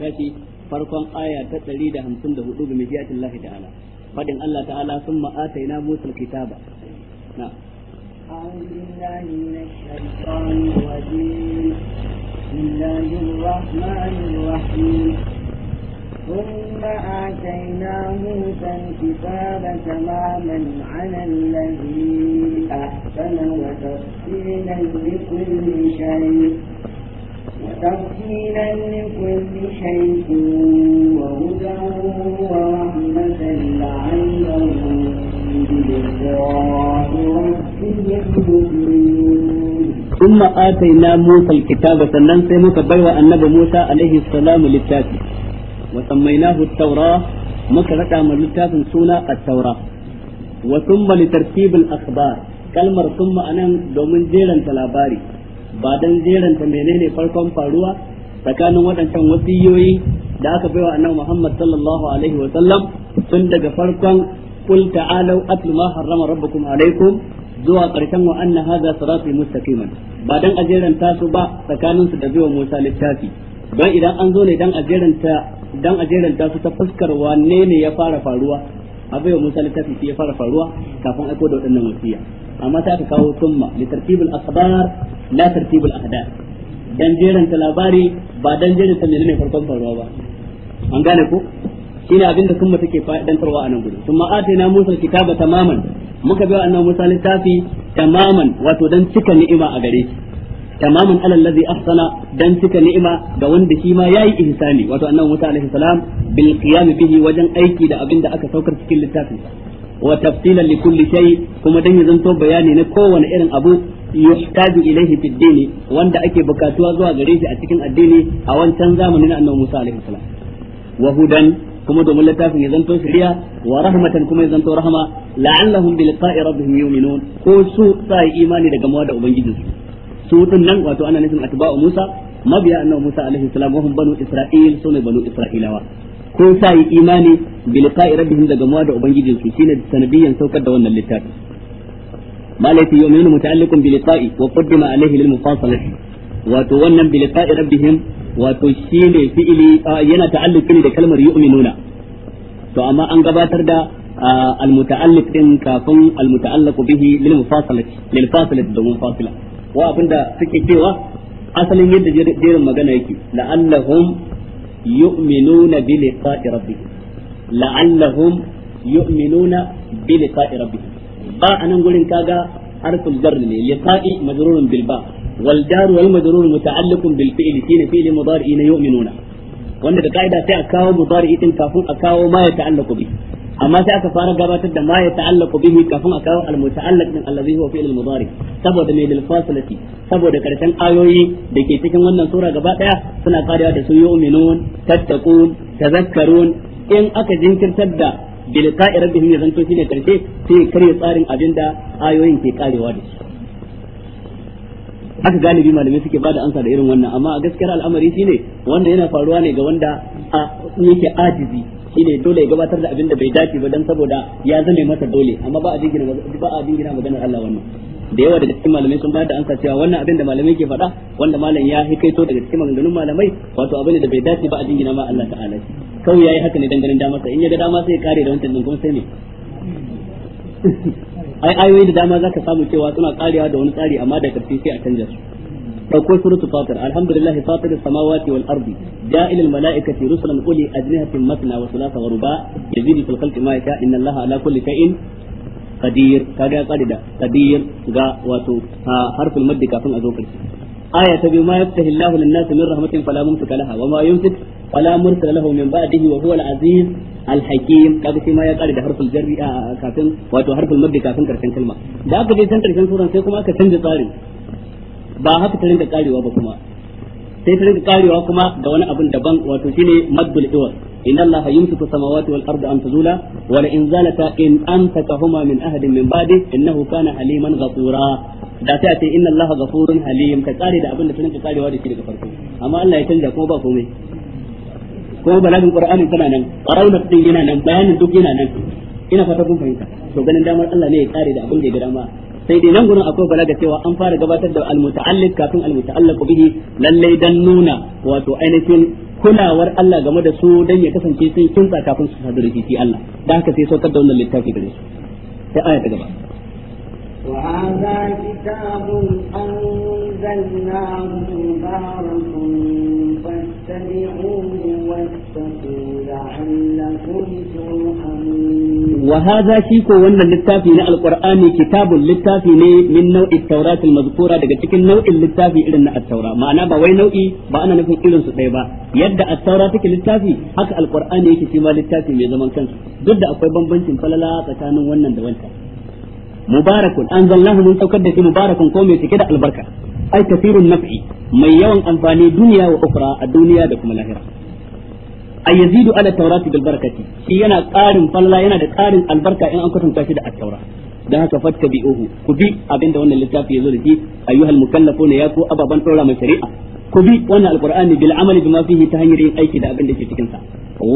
farkon aya ta 154 bi mijiyatin Allah ta'ala fadin Allah ta'ala sun ma'ataina musul kitaba na ثم آتينا موسى الكتاب تماما على الذي أحسن وتفصيلا لكل شيء تفصيلا لكل شيء وهدى ورحمة لعلهم بلقاء ربهم يؤمنون ثم آتينا موسى الكتاب سنن سيموك بيوى النبي موسى عليه السلام للتاتي وسميناه التوراة مكرة من للتاتي سنة التوراة وثم لترتيب الأخبار kalmar summa anan domin jeranta labari ba don jeranta menene farkon faruwa tsakanin waɗancan wasiyoyi da aka baiwa annabi Muhammad sallallahu alaihi wa sallam tun daga farkon qul ta'alu atlu ma harrama rabbukum alaikum zuwa ƙarshen wa anna hadha sirati mustaqiman ba dan ajeranta su ba tsakanin su da baiwa Musa littafi don idan an zo ne dan ajeranta dan su ta fuskar wanne ne ya fara faruwa a baiwa Musa littafi ya fara faruwa kafin aiko da waɗannan wasiya amma sai aka kawo summa li tartibul akhbar la tartibul ahdath dan jeran ta labari ba dan jeran ta menene farkon faruwa ba an gane ko shine abin da summa take tarwa a nan gudu summa atina musa kitaba tamaman muka bai annabi musa littafi tamaman wato dan cika ni'ima a gare shi tamaman alal ladhi ahsana dan cika ni'ima ga wanda shi ma yayi ihsani wato annabi musa alaihi salam bil qiyam bihi wajen aiki da abin da aka saukar cikin littafin wa tafsilan li kulli shay kuma dan ya zanto bayani na kowane irin abu yuhtaju ilayhi fi dini wanda ake bukatuwa zuwa gare shi a cikin addini a wancan zamanin annabi Musa alaihi salam wa hudan kuma domin littafin ya zanto shiriya wa rahmatan kuma ya zanto rahama la'allahum bi liqa'i rabbihim yu'minun ko su sai imani daga mawa da ubangiji su din nan wato ana nufin atba'u Musa mabiya annabi Musa alaihi salam wa hum banu Isra'il sune banu Isra'ilawa ko sa yi imani bi liqa'i rabbihim daga muwa da ubangijin su shine sanadiyan saukar da wannan littafi malati yu'minu muta'alliqun bi liqa'i wa qaddima alayhi lil mufasalati wato wannan bi liqa'i rabbihim wato shine fi'ili yana ta'alluqi da kalmar yu'minuna to amma an gabatar da al muta'alliq din kafin al muta'allaqu bihi lil mufasalati lil fasilati da munfasila wa abinda suke cewa asalin yadda jerin magana yake la'allahum yu'minuna bi liqa'i rabbihim la'allahum yu'minuna bi liqa'i rabbihim ba nan gurin kaga harful jar ne liqa'i majrurun bil ba wal jar wal majrur muta'alliqun bil fi'li shine fi'li mudari'in yu'minuna wanda da kaida sai a kawo mudari'in kafin a kawo ma ya bi amma sai aka fara gabatar da ma ya ta'allaqu bihi kafin a kawo al-muta'allaq min allazi huwa fi al-mudari saboda mai lil fasilati saboda karshen ayoyi da ke cikin wannan sura gaba daya suna karewa da su yu'minun tattaqun tazakkarun in aka jinkirtar da bil qa'i rabbihim yanzu to shine karshe sai kare tsarin abinda ayoyin ke karewa da shi haka galibi malamai suke bada amsa da irin wannan amma a gaskiyar al'amari shine wanda yana faruwa ne ga wanda yake ajizi shine dole ya gabatar da abin da bai dace ba dan saboda ya zame masa dole amma ba a dingina ba a dingina maganar Allah wannan da yawa daga cikin malamai sun bayar da ansa cewa wannan abin da malamai ke faɗa wanda malam ya to daga cikin maganganun malamai wato abin da bai dace ba a dingina ma Allah ta'ala kawai yayi haka ne dangane da masa in ya ga dama sai ya kare da wancan din kuma sai ne ai ayoyi da dama zaka samu cewa suna karewa da wani tsari amma da karfi sai a canja su akwai suratul fatir alhamdulillah fatir samawati wal da qadir ga a zo karshe aya ta biyu ma yaftahi Allahu lin-nas min da harful jarri canza ba haka ta rinka karewa ba kuma sai ta rinka karewa kuma da wani abin daban wato shine maddul iwar inna allaha yumsiku samawati wal arda an tazula wa la in zalata in amsakahuma min ahadin min ba'di innahu kana haliman ghafura da sai a ce inna allaha ghafurun halim ka kare da abin da ta rinka karewa da shi daga farko amma Allah ya canja kuma ba komai Ko balagin qur'anin tana nan qarawna din yana nan bayanin duk yana nan ina fata kun fahimta to ganin damar Allah ne ya kare da abin da ya ga dama sai dai nan gurin akwai balaga cewa an fara gabatar da almuta'alliq kafin almuta'allaq bihi lalle dan nuna wato ainihin kulawar Allah game da su dan ya kasance sun kinsa kafin su sadu da shi Allah da haka sai saukar da wannan littafi gare su sai aya ta gaba وهذا كتاب أنزلناه مبارك فاتبعوه واتقوا لعلكم ترحمون wa hadha ko wannan littafi na alqur'ani kitabul littafi ne min nau'i tawrat almazkura daga cikin nau'in littafi irin na at ma'ana ba wai nau'i ba ana nufin irin su ɗaya ba yadda at-taura take littafi haka alqur'ani yake shi ma littafi mai zaman kansa duk da akwai bambancin falala tsakanin wannan da wancan mubarakun anzalnahu mun saukar da shi mubarakun ko mai cike da albarka ai kasirun naf'i mai yawan amfani duniya wa ukhra a duniya da kuma lahira A yazidu ala tawrati bil barakati shi yana ƙarin falla yana da ƙarin albarka in an kwatanta shi da at-taura dan haka fatka bi uhu ku bi abinda wannan littafi yazo da shi ayyuhal mukallafuna ya ku ababan daura mai shari'a ku bi wannan alqur'ani bil amali bima fihi ta hanyar yin aiki da abinda da ke cikin sa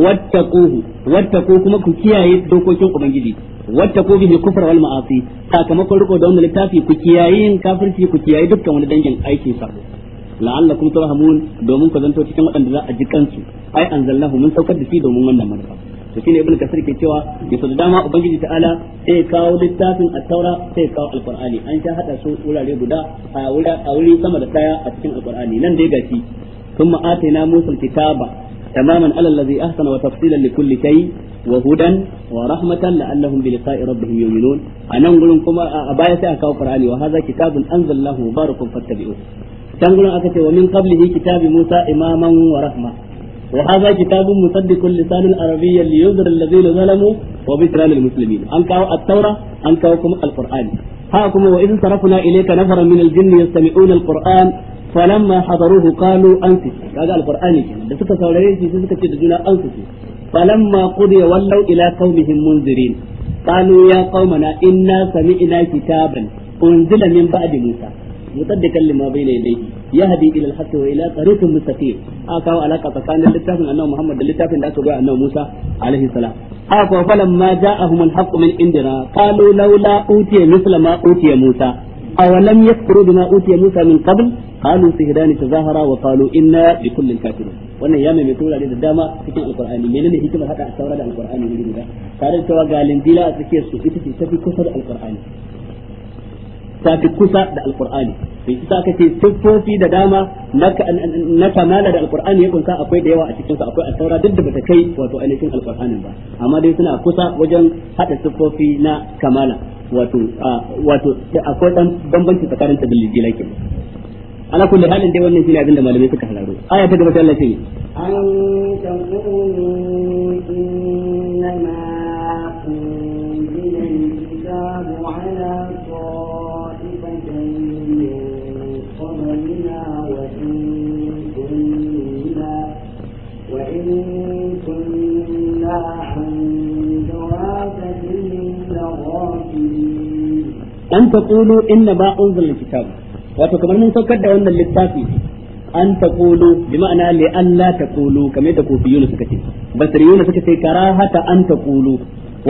wattaquhu wattaqu kuma ku kiyaye dokokin ubangiji wattaqu bihi kufra wal ma'asi sakamakon riko da wannan littafi ku kiyaye yin kafirci ku kiyaye dukkan wani dangin aikin sa. la'allakum turhamun domin ku zanto cikin waɗanda za a ji kansu ai anzalnahu mun saukar da shi domin wannan manufa to shine ibnu kasir ke cewa ya da dama ubangiji ta'ala sai kawo littafin at-taura sai kawo alqur'ani an sha hada su wurare guda a wuri a wuri sama da daya a cikin alqur'ani nan dai gashi thumma atayna musa kitaba tamaman ala allazi ahsana wa tafsilan li kulli shay wa hudan wa rahmatan la'annahum bi liqa'i rabbihim yu'minun anan gurin kuma a baya sai aka kawo qur'ani wa hadha kitabun anzalallahu mubarakun fattabi'uhu can gurin aka ce wa min qablihi kitabi Musa imaman wa rahma wa hadha kitabun musaddiqun lisanul arabiyya liyudhira alladhina zalamu wa bishra lil muslimin an kawo at-taura an kawo kuma al-qur'ani ha kuma wa idh sarafna ilayka nafaran min al-jinni yastami'una al-qur'an falamma hadaruhu qalu anfis kaga al-qur'ani da suka saurare shi suka ce da juna anfis falamma qudiya wallaw ila qaumihim munzirin قالوا يا قومنا إنا سمعنا كتابا أنزل من بعد Musa. مصدقا لما بين يديه يهدي الى الحق والى طريق مستقيم اكو علاقه تكان للتافن انه محمد للتافن ده كوي انه موسى عليه السلام اكو فلما جاءهم الحق من عندنا قالوا لولا اوتي مثل ما اوتي موسى أولم يكفروا بما أوتي موسى من قبل قالوا سهدان تظاهرا وقالوا إنا بكل كافرون wannan ya mai tura da dama cikin alqur'ani menene hikimar hada a saura da alqur'ani ne da tare da cewa ga linjila a tsakiyar su ita ce tafi kusa da alqur'ani ta fi kusa da alqur'ani sai shi aka ce siffofi da dama na kamala da alqur'ani ya kunsa akwai da yawa a cikin su akwai alsaura duk da bata kai wato ainihin alqur'anin ba amma dai suna kusa wajen hada siffofi na kamala wato wato akwai dan bambanci tsakanin tadilliji lakin ala kulli halin dai wannan shine abin da malamai suka halaro aya ta gaba ta Allah ce an taqulu innama an taqulu inna ma unzila alkitab wato kamar mun saukar da wannan littafi an taqulu bi ma'ana li an la taqulu kamar da kufiyuna suka ce basriyuna suka ce karahata an taqulu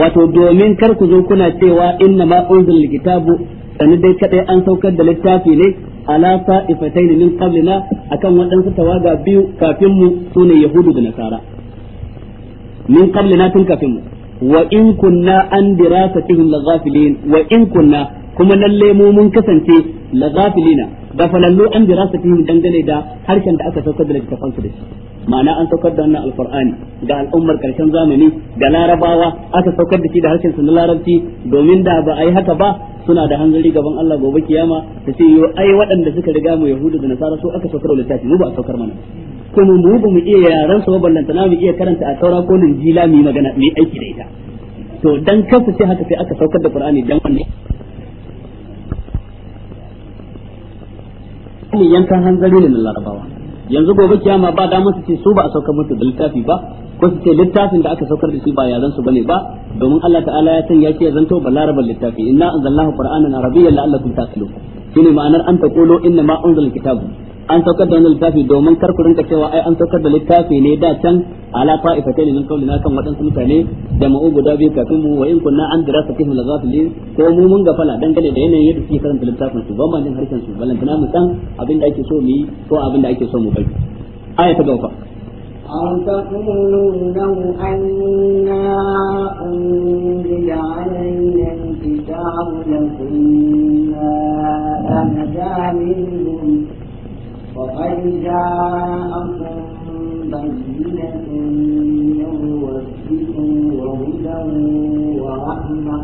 wato domin kar ku zo kuna cewa inna ma unzila alkitabu sani dai kadai an saukar da littafi ne ala sa'ifatayn min qablina akan waɗansu tawaga biyu kafin mu sune yahudu da nasara min qablina tun kafin mu wa in kunna an dirasatihim laghafilin wa in kunna kuma lalle mu mun kasance la ghafilina da falallu an fi dangane da harshen da aka saukar da littafan su ma'ana an saukar da wannan alqur'ani ga al'ummar karshen zamani da larabawa aka saukar da shi da harshen su na larabci domin da ba a yi haka ba suna da hanzari gaban Allah gobe kiyama ta ce yo ai waɗanda suka riga mu yahudu da nasara su aka saukar da littafi mu ba a saukar mana kuma mu ba mu iya yaran su ballanta na mu iya karanta a taura ko ninjila mu yi magana mu aiki da ita to dan kasu ce haka sai aka saukar da qur'ani dan wannan mu yankan hanzari ne na larabawa yanzu gobe kiyama ba da su ce su ba a saukar musu da littafi ba ko su ce littafin da aka saukar da shi ba yaran su bane ba domin Allah ta'ala ya san ya ce zanto balarabar littafi inna anzalnahu qur'anan arabiyyan la'allakum taqilun shine ma'anar an taqulu inna ma unzila kitabu an saukar da wani littafi domin kar ku rinka cewa ai an saukar da littafi ne da can ala fa'ifatain min na kan wadansu mutane da jama'u guda biyu kafin mu wa in kunna an za la yi ko mu mun gafala dangane da yanayin yadda suke karanta littafin su ban bajin harshen su balantana mu san abin da ake so mu yi ko abin da ake so mu bari aya ta gaba أو تقولوا وقد جاءكم بينة من ربكم وهدى ورحمة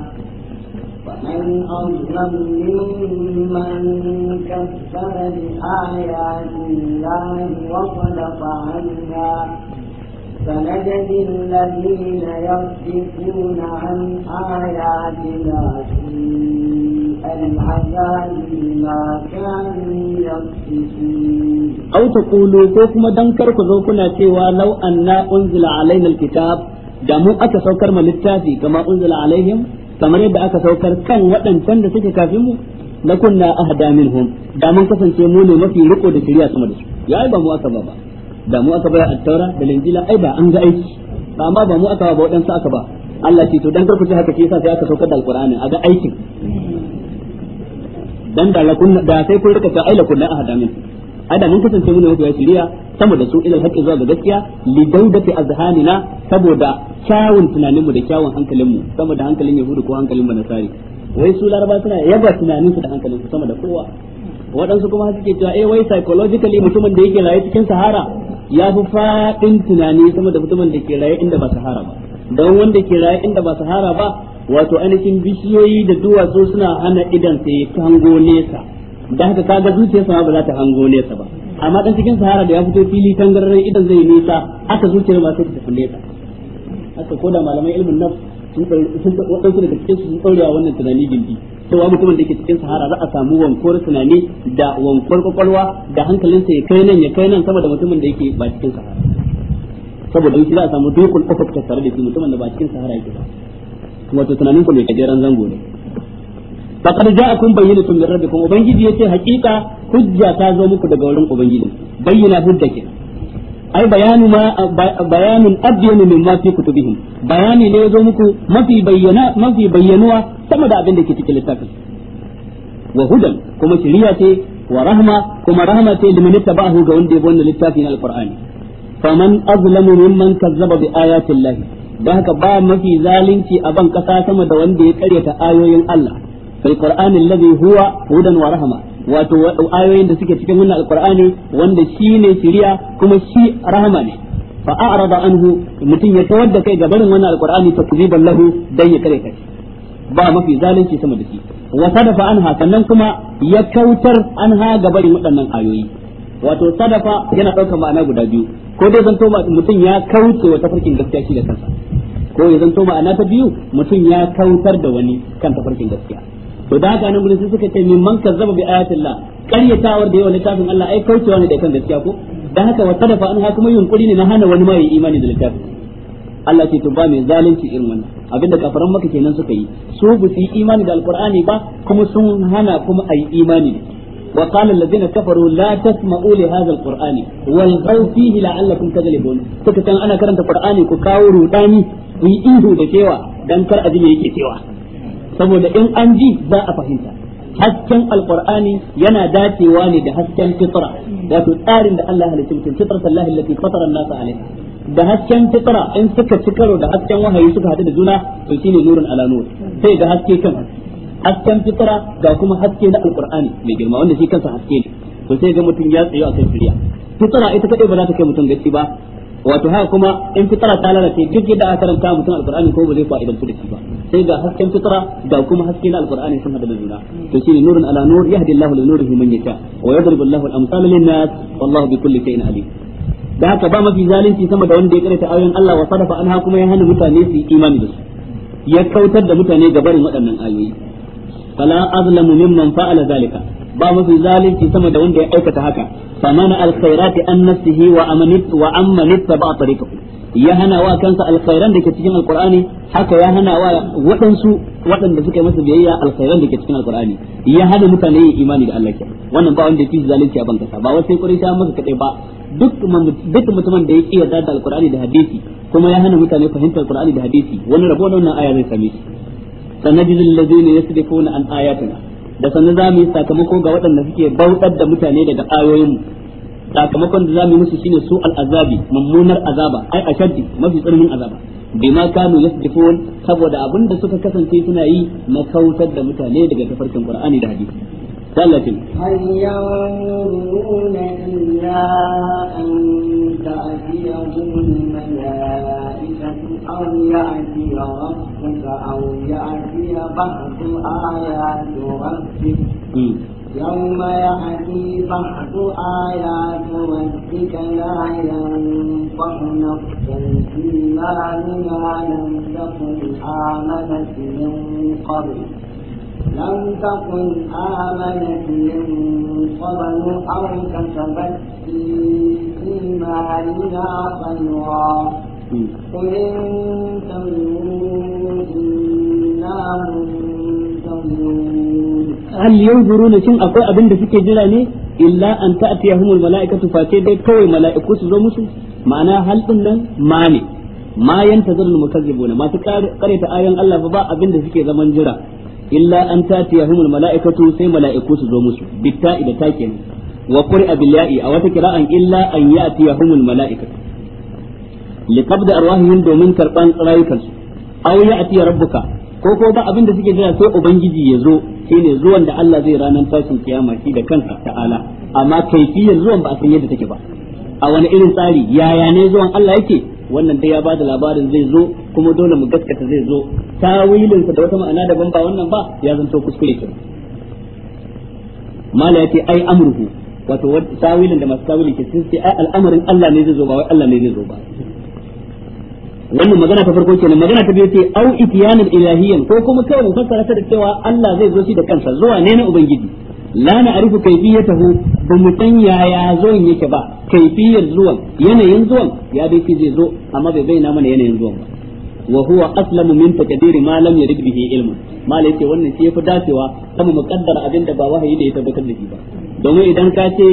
فمن أظلم ممن كذب بآيات الله وصدق عنها سنجزي الذين يصدقون عن آياتنا في Auta taqulu ko kuma dan kar ku zo kuna cewa law unzila alaina alkitab da mu aka saukar ma littafi kama unzila alaihim kamar yadda aka saukar kan waɗancan da suke kafin mu na kunna ahda minhum da mun kasance mu ne mafi riko da shari'a sama da su ya ba mu aka ba ba da mu aka bayar attaura da ba an ga aiki ba ba mu aka ba ba Allah ce to dan karku ce haka ke yasa sai aka saukar da Alƙur'ani a ga aikin dan da lakunna da sai kun rika ta ai lakunna ahada min ada mun kasance mun ya shirya sama da su ila haqqi zuwa ga gaskiya li daudati azhanina saboda kyawun tunaninmu da kyawun hankalinmu sama da hankalin yahudu ko hankalin banasari wai su laraba suna yaba tunaninsu da hankalin su sama da kowa waɗansu kuma suke cewa eh wai psychologically mutumin da yake raye cikin sahara ya fi faɗin tunani sama da mutumin da ke raye inda ba sahara ba don wanda ke raye inda ba sahara ba wato ainihin bishiyoyi da duwatsu suna hana idan sai ta hango nesa da haka kaga zuciyarsa ba za ta hango nesa ba amma dan cikin sahara da ya fito fili tangararren idan zai nisa aka zuciyar ba sai ta tafi nesa haka ko da malamai ilmin nafs sun sun ɗauki daga cikin su sun ɗaurewa wannan tunani gindi wa mutumin da ke cikin sahara za a samu wankor tunani da wankor kwakwalwa da hankalinsa ya kai nan ya kai nan sama da mutumin da yake ba cikin sahara saboda shi za a samu dukul ufuk ta tare da shi mutumin da ba cikin sahara yake ba wato tunanin ku mai gajeren zango ne faqad ja'akum bayyinatun min rabbikum ubangiji yace haƙiƙa hujja ta zo muku daga wurin ubangiji bayyana hujja ke ai bayanu ma bayanun abyan mimma fi kutubihim bayani ne yazo muku mafi bayyana mafi bayyanuwa sama da abin da ke cikin littafin wa hudan kuma shiriya ce wa rahma kuma rahma ce liman tabahu ga wanda ya bi wannan littafin alqur'ani faman azlamu mimman kazzaba bi ayati llahi da haka ba mafi zalunci a ban kasa sama da wanda ya karyata ayoyin Allah fil qur'ani alladhi huwa hudan wa rahma wato ayoyin da suke cikin wannan alqur'ani wanda shi ne shiriya kuma shi rahama ne fa a'rada anhu mutum ya kawar kai kai gabanin wannan alqur'ani takziban lahu dan ya karyata. ba mafi zalunci sama da shi wa sadafa anha sannan kuma ya kautar anha bari waɗannan ayoyi wato sadafa yana ɗaukar ma'ana guda biyu ko dai zanto mutum ya kauce wa tafarkin gaskiya shi da kansa ko ya zanto ma'ana ta biyu mutum ya kautar da wani kan tafarkin gaskiya to da haka nan gudun sai suka ce min man kazzaba bi karya qaryatawar da yawa littafin Allah ai kaucewa ne da kan gaskiya ko da haka wa sadafa an ha kuma yunkuri ne na hana wani ma yi imani da littafin Allah ce to ba mai zalunci irin wannan abinda kafaran maka kenan suka yi su bu su yi imani da alqur'ani ba kuma sun hana kuma ayi imani da وقال الذين كفروا لا تسمعوا لهذا القرآن والغوا فيه لعلكم تغلبون فكتان أنا كرمت القرآن كاو روداني ويئيه دكيوا دانكر أدي يكي كيوا سبو لإن أنجي ذا fahimta hasken alqur'ani yana dacewa ne da hasken fitra wato tsarin da Allah ya halitta fitra sallahi allati fatara an-nas alaiha da hasken fitra in suka ci karo da hasken wahayi suka hadu da juna to shine nurun ala nur sai da haske kan haske hasken fitara ga kuma haske na alqur'ani mai girma wanda shi kansa haske ne to sai ga mutum ya tsayo akan shirya fitara ita kadai ba za ta kai mutum gaci ba wato haka kuma in fitara ta lalace duk yadda aka karanta mutum alqur'ani ko ba zai fa'idan da shi ba sai ga hasken fitara ga kuma haske na alqur'ani sun hada da juna to shi ne nurun ala nur yahdi Allahu li nurihi man yasha wa yadribu Allahu al-amsal lin-nas wallahu bi kulli shay'in alim da haka ba mafi zalunci sama da wanda ya karanta ayoyin Allah wa sadafa anha kuma ya hana mutane su imani da su ya kautar da mutane ga waɗannan ayoyi fala azlamu mimman fa'ala zalika ba mafi zalunci sama da wanda ya aikata haka faman alkhairati an nafsihi wa amanit wa amanit ba tariqahu ya hana wa kansa alkhairan da ke cikin alqur'ani haka ya hana wa waɗansu waɗanda suka yi masa biyayya alkhairan da ke cikin alqur'ani ya hana mutane yin imani da Allah ke wannan ba wanda yake zalunci a banka ba wai sai qur'ani masa kadai ba duk duk mutumin da ya yarda da alqur'ani da hadisi kuma ya hana mutane fahimtar alqur'ani da hadisi wani rabo wannan aya zai same shi sanajid alladhina yasrifuna an ayatina da sanin za mu yi sakamako ga waɗanda suke bautar da mutane daga ayoyinmu sakamakon da za mu yi musu shine su al'azabi mummunar azaba ai ashaddi mafi tsananin azaba bima kanu yasdifun saboda abin da suka kasance suna yi na kautar da mutane daga tafarkin qur'ani da hadisi sallatin hal yanzuruna illa an ta'tiyahum malaikatu أو يأتي ربك أو يأتي بعض آيات ربك يوم يأتي بعض آيات ربك لا ينفع نفسا إيمانها لم تكن آمنت من قبل لم تكن آمنت من قبل أو كسبت في إيمانها خيرا قل انتظروا إنا منتظرون هل ينظرون شن أقوى أبن دفك جلاني إلا أن تأتيهم الملائكة فاتي دي كوي ملائكة سزو مسو معنى هل تنن ماني ما ينتظر المكذبون ما تقرأت آيان الله فبا أبن دفك زمن جرا إلا أن تأتيهم الملائكة سي ملائكة سزو مسو بالتاء بتاكين وقرأ بالياء أو تكراء إلا أن يأتيهم الملائكة liqabda arwahihim domin karban rayukansu aw ya'ti rabbuka ko ko ba abin da suke jira sai ubangiji ya zo shine zuwan da Allah zai ranar tashin kiyama shi da kansa ta'ala amma kaifiyar zuwan ba a san yadda take ba a wani irin tsari yaya ne zuwan Allah yake wannan dai ya bada labarin zai zo kuma dole mu gaskata zai zo tawilin sa da wata ma'ana daban ba wannan ba ya zanto kuskure ke mala yace ai amruhu wato tawilin da masu tawili ke sun sai ai al'amarin Allah ne zai zo ba wai Allah ne zai zo ba wannan magana ta farko kenan magana ta biyu ce au itiyanul ilahiyyan ko kuma kawai mu fassara ta da cewa Allah zai zo shi da kansa zuwa ne na ubangiji la na arifu kaifiyatahu ba mu san yaya zuwan yake ba kaifiyar zuwan yanayin zuwan ya dai shi zai zo amma bai bayyana mana yanayin zuwan ba wa huwa aslamu min taqdiri ma lam yarid bihi ilmu malai ce wannan shi yafi dacewa kuma muqaddara abinda ba wahayi da ya tabbatar da shi ba domin idan ka ce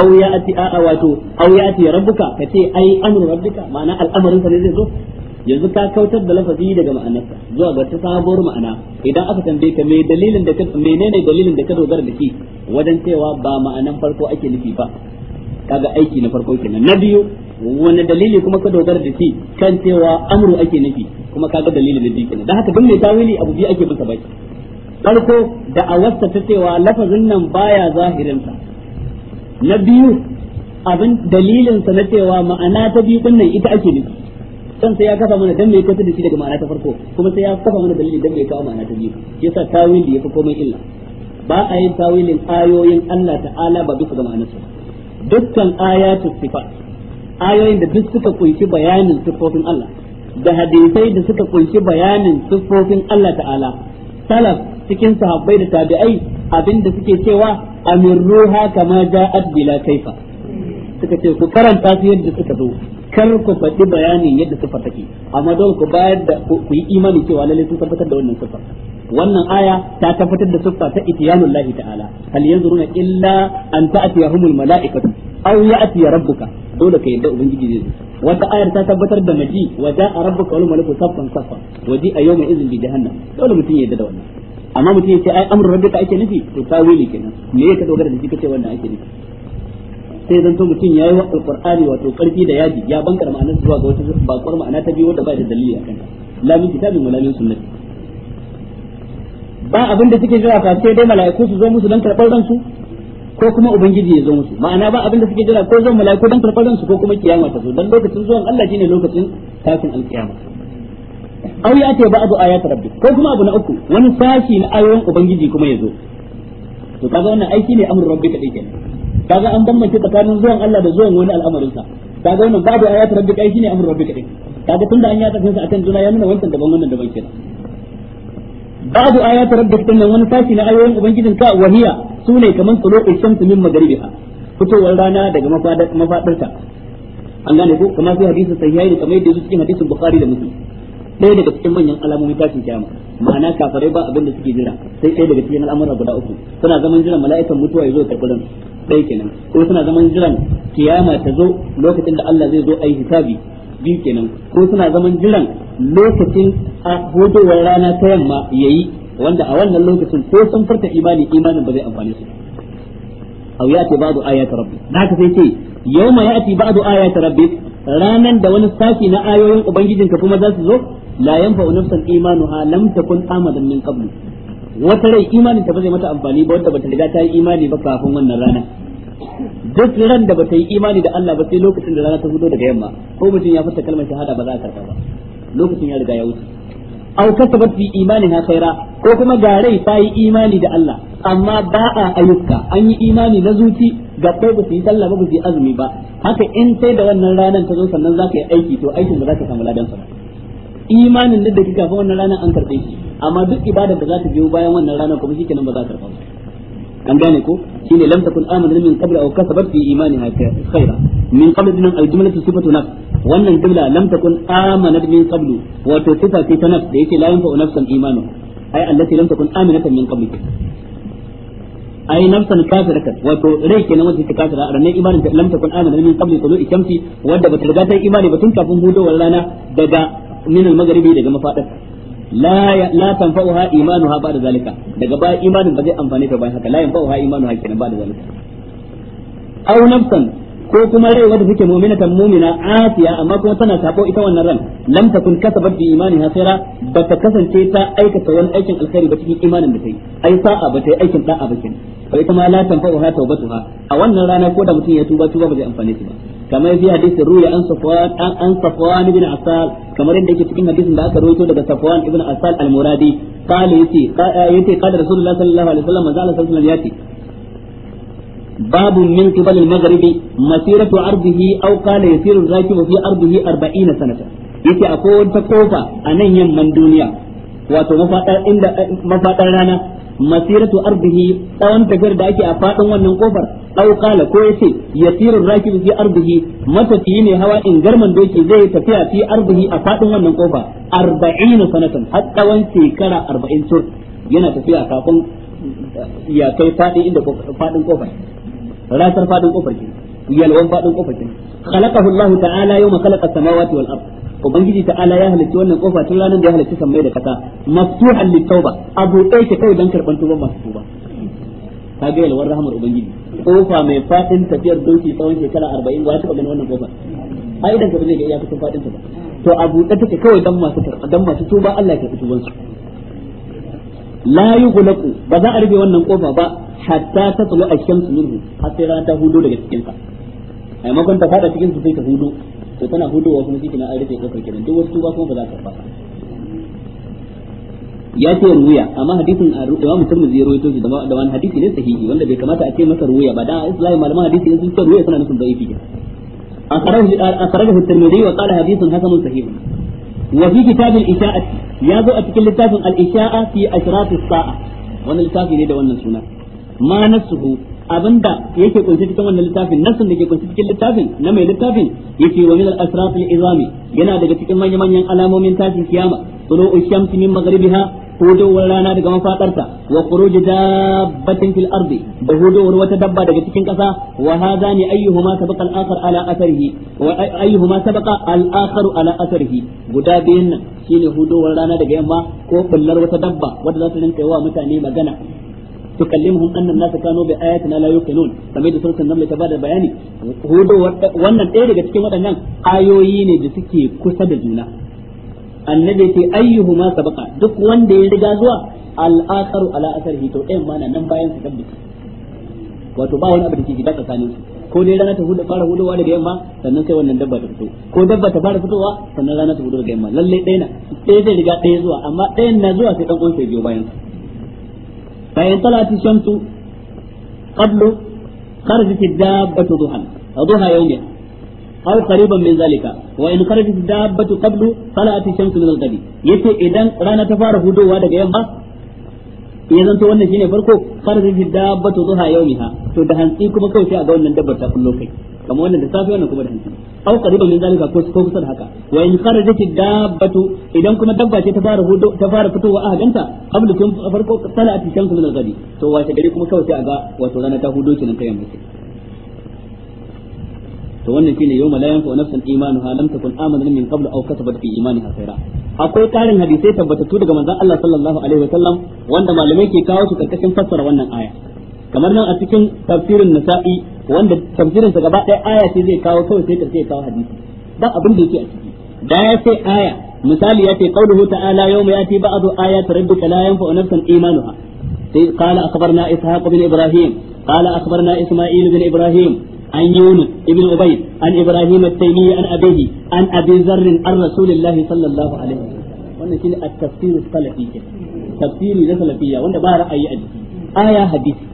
au ya ati a wato au ya ati rabbuka ka ce ai amru rabbika ma'ana al'amarin sa ne zai zo yanzu ka kautar da lafazi daga ma'anarsa zuwa ga ta sabuwar ma'ana idan aka tambaye ka me dalilin da menene dalilin da ka dogara da shi wajen cewa ba ma'anan farko ake nufi ba kaga aiki na farko kenan na biyu wani dalili kuma ka dogara da shi kan cewa amru ake nufi kuma kaga dalilin da biyu kenan dan haka duk mai tawili abu biyu ake masa baki farko da awasta ta cewa lafazin nan baya zahirinsa na biyu abin dalilinsa na cewa ma'ana ta biyu din nan ita ake nufi can sai ya kafa mana dan me kwantar da shi daga ma'ana ta farko kuma sai ya kafa mana dalilin dan me kawo ma'ana ta biyu yasa tawili yafi komai illa ba a yin tawilin ayoyin Allah ta'ala ba bisa ga ma'anarsu dukkan ayatu sifat ayoyin da duk suka kunshi bayanin siffofin Allah da hadisai da suka kunshi bayanin siffofin Allah ta'ala salaf cikin sahabbai da tabi'ai abinda suke cewa amin amirruha kama ja'at bila kaifa suka ce ku karanta su yadda suka zo kar ku faɗi bayanin yadda sifar take amma dole ku bayar da ku yi imani cewa lalle sun tabbatar da wannan sifar wannan aya ta tabbatar da siffa ta itiyanul lahi ta'ala hal yanzuruna illa an ta'tiyahumul mala'ikatu aw ya'ti rabbuka dole ka yadda ubangiji zai wata ayar ta tabbatar da maji wa ja'a rabbuka wal malaku saffan saffan waji a yawma idhin bi jahannam dole mutum ya yadda da wannan amma mutum ya ce ai amrun rabbika ake nufi to tawili kenan me ya ka dogara da shi kace wannan ake nufi sai zanto mutum ya yi wa Alƙur'ani wato karfi da yaji ya bankar ma'anar zuwa ga wata bakwar ma'ana ta biyu wadda ba da dalili a kanta lamin kitabin wa lamin sunnati ba abin da suke jira sai dai mala'iku su zo musu dan karɓar ransu ko kuma ubangiji ya zo musu ma'ana ba abin da suke jira ko zo mala'iku dan karɓar ransu ko kuma kiyama ta zo dan lokacin zuwan Allah shine lokacin kafin alkiyama aw ya ce abu ayat rabbi ko kuma abu na uku wani sashi na ayoyin ubangiji kuma ya zo to kaga wannan aiki ne amrun rabbi kadai kenan kaga an bambance tsakanin zuwan Allah da zuwan wani al'amarin sa kaga wannan babu ayatu rabbika ai shine amru rabbika din kaga tunda an yata kansa akan juna ya nuna wancan daban wannan daban kenan babu ayatu rabbika din nan wani sashi na ayoyin ubangijin ka wahiya sune kaman tuluqul shamsi min magharibiha fitowar rana daga mafadarta an gane ko kamar sai hadisi sahihi kamar yadda yake cikin hadisin bukhari da muslim ɗaya daga cikin manyan ta tashin kiyama ma'ana kafarai ba abin da suke jira sai ɗaya daga cikin al'amura guda uku suna zaman jiran mala'ikan mutuwa ya zo ta gurin ɗaya kenan ko suna zaman jiran kiyama ta zo lokacin da Allah zai zo a yi hisabi biyu kenan ko suna zaman jiran lokacin a hodowar rana ta yamma ya yi wanda a wannan lokacin ko sun farka imani imanin ba zai amfane su aw yati ba'du ayati rabbi da haka sai ce yawma ba ba'du ayati rabbi ranan da wani sashi na ayoyin ubangijin ka kuma za su zo la yanfa'u nafsan imanuha lam takun amadan min qablu wata rai imanin ta mata amfani ba wanda bata riga ta yi imani ba kafin wannan rana duk ran da bata yi imani da Allah ba sai lokacin da rana ta fito daga yamma ko mutum ya fita kalmar shahada ba za a karba ba lokacin ya riga ya wuce aw kasabat imani na khaira ko kuma ga rai ta yi imani da Allah amma ba a ayyuka an yi imani na zuci gabbai ba yi sallah ba ba yi azumi ba haka in sai da wannan ranar ta zo sannan za ka yi aiki to aikin da za ka samu ladan sa imanin da kika fa wannan ranar an karbe shi amma duk ibadar da za ta biyo bayan wannan ranar kuma shikenan ba za ka karba an gane ko shine lam takun amanu min qabla aw kasabat fi imaniha khaira min qabla dinan aljumlatu sifatu nafs wannan jumla lam takun amanu min qablu wato sifa ce ta nafs da yake la yanfa'u nafsan imanu ai allati lam takun aminatan min qablu ai nafsan kafirata wato rai kenan wacce ta kafira a ranar imanin ta lam takun amanu min qabli tulu shamsi wadda bata riga ta imani ba tun kafin budowar rana daga min al daga mafadar. la la tanfa'uha imanuha ba'da zalika daga baya imanin ba zai amfane ta bayan haka la yanfa'uha imanuha kenan ba'da zalika aw nafsan ko kuma rai wanda take mu'minatan mu'mina afiya amma kuma tana sako ita wannan ran lam takun kasabat bi imaniha khaira ba ta kasance ta aikata wani aikin alkhairi ba cikin imanin da ta yi ai sa'a ba ta yi aikin da'a ba kenan ita ma la tanfa'uha tawbatuha a wannan rana ko da mutum ya tuba tuba ba zai amfane shi ba kamar fi hadisi ruya an safwan an safwan ibn asal kamar yadda yake cikin hadisin da aka rawaito daga safwan ibn asal al-muradi qala yace eh, yace qala rasulullah sallallahu alaihi wasallam manzo Allah sallallahu alaihi wasallam yace باب من قبل المغرب مسيرة عرضه أو قال يسير الراكب في أرضه أربعين سنة يتي أكون تكوفا أنين من دنيا وتمفاتر إن مفاتر لنا masiratu ardihi tsawon tafiyar da ake a fadin wannan kofar aw kala ko yace yasirun rakibu fi ardihi matafiyi ne hawa in garman doki zai tafiya fi ardihi a fadin wannan kofa 40 sanatan har tsawon shekara 40 tur yana tafiya kafin eh, ya kai fadi inda fadin kofar rasar fadin kofar ke yalwan fadin kofar ke khalaqahu Allah ta'ala yawma khalaqa samawati wal ardh ubangiji ta ala ya halitta wannan kofa tun ranar da ya halitta sammai da kasa maftuhan litauba abu ɗaya ke kai dan karban tuban masu tuba ka ga yalwar rahmar ubangiji kofa mai fadin tafiyar doki tsawon shekara 40 wa ta ganin wannan kofa ai idan ka zai ga iya kusan fadin ta ba to abu ɗaya take kawai dan masu dan masu tuba Allah ya tuban su la yughlaqu ba za a rufe wannan kofa ba hatta tatlu ash-shamsu minhu har sai ran ta hudo daga cikin ka ai makon ta fada cikin su sai ta hudo to tana hudowa kuma shi kenan an rufe kofar kenan duk wasu tuba kuma ba za ka fasa ya ce ruya amma hadisin Imam Tirmidhi ya rawaito shi da wani hadisi ne sahihi wanda bai kamata a ce masa ruya ba dan Islami malaman hadisi ne sun ce ruya suna nufin da'ifi أخرجه الترمذي وقال حديث حسن صحيح وفي كتاب الإشاءة يا ذو أتكل الإشاءة في أشراط الساعة وانا الكافي لدى وانا ما نفسه da yake kunshi cikin wannan littafin nassin da ke kunshi cikin littafin na mai littafin yake wa min al-asraf al-izami yana daga cikin manyan manyan alamomin tashin kiyama tulu'u shamsi min maghribiha hudowar rana daga mafadarta wa khuruj dabbatin fil ardi da hudowar wata dabba daga cikin kasa wa ni ayyuhuma sabaqa al-akhar ala atharihi wa ayyuhuma sabaqa al-akhar ala atharihi guda biyan nan shine hudowar rana daga yamma ko bullar wata dabba wadda za ta rinka yi wa mutane magana tukallimuhum anna an-nasa kanu bi ayatina la yuqinun kamar da sunan nan ta bada bayani hudu wannan ɗaya daga cikin waɗannan ayoyi ne da suke kusa da juna annabi ce ayyuhuma sabaqa duk wanda ya riga zuwa al-akharu ala asarihi to ɗayan ma nan bayan su tabbata wato ba wani abu da ke gida tsakanin su ko dai rana ta hudu fara hudowa daga yamma sannan sai wannan dabba ta fito ko dabba ta fara fitowa sannan rana ta hudu daga yamma lalle ɗaya na ɗaya zai riga ɗaya zuwa amma ɗayan na zuwa sai ɗan uwan sai biyo bayan su فإن طلعت الشمس قبل خرجت الدابة ضحى ضحى يومها أو قريبا من ذلك وإن خرجت الدابة قبل طلعت الشمس من الغد يتي إذن رانا تفارف دوا دقا ya zanto wannan shine farko farzin dabbatu zuha yawmiha to da hantsi kuma kawai sai a ga wannan dabbar ta kullu kai kamar wannan da safe wannan kuma da hantsi au qariban min zalika ko ko kusa da haka wa in kharajat dabbatu idan kuma dabba ce ta fara hudo ta fara fitowa a ganta qabla tun farko salati shamsu min al-ghadi to washe gari kuma kawai sai a ga wato rana ta hudo kenan ta yamma to wannan shine yawma la yanfa'u nafsan imanuha lam takun amanat min qabl aw kasabat fi imaniha khaira akwai karin hadisai tabbatattu daga manzon Allah sallallahu alaihi wa sallam wanda malamai ke kawo su karkashin fassara wannan aya kamar nan a cikin tafsirin nasa'i wanda tafsirin sa gaba ɗaya aya ce zai kawo kawai sai karshe ya kawo hadisi ba abin da yake a ciki da ya ce aya misali ya ce qauluhu ta'ala yawma yati ba'du ayati rabbika la yanfa'u nafsan imanuha sai qala akhbarna ishaq bin ibrahim qala akhbarna isma'il bin ibrahim عن يونس ابن أبي عن إبراهيم التيمي عن أبيه عن أبي ذر عن رسول الله صلى الله عليه وسلم wannan shine at-tafsir salafi tafsiri na salafiyya wanda ba ra'ayi a jiki aya hadisi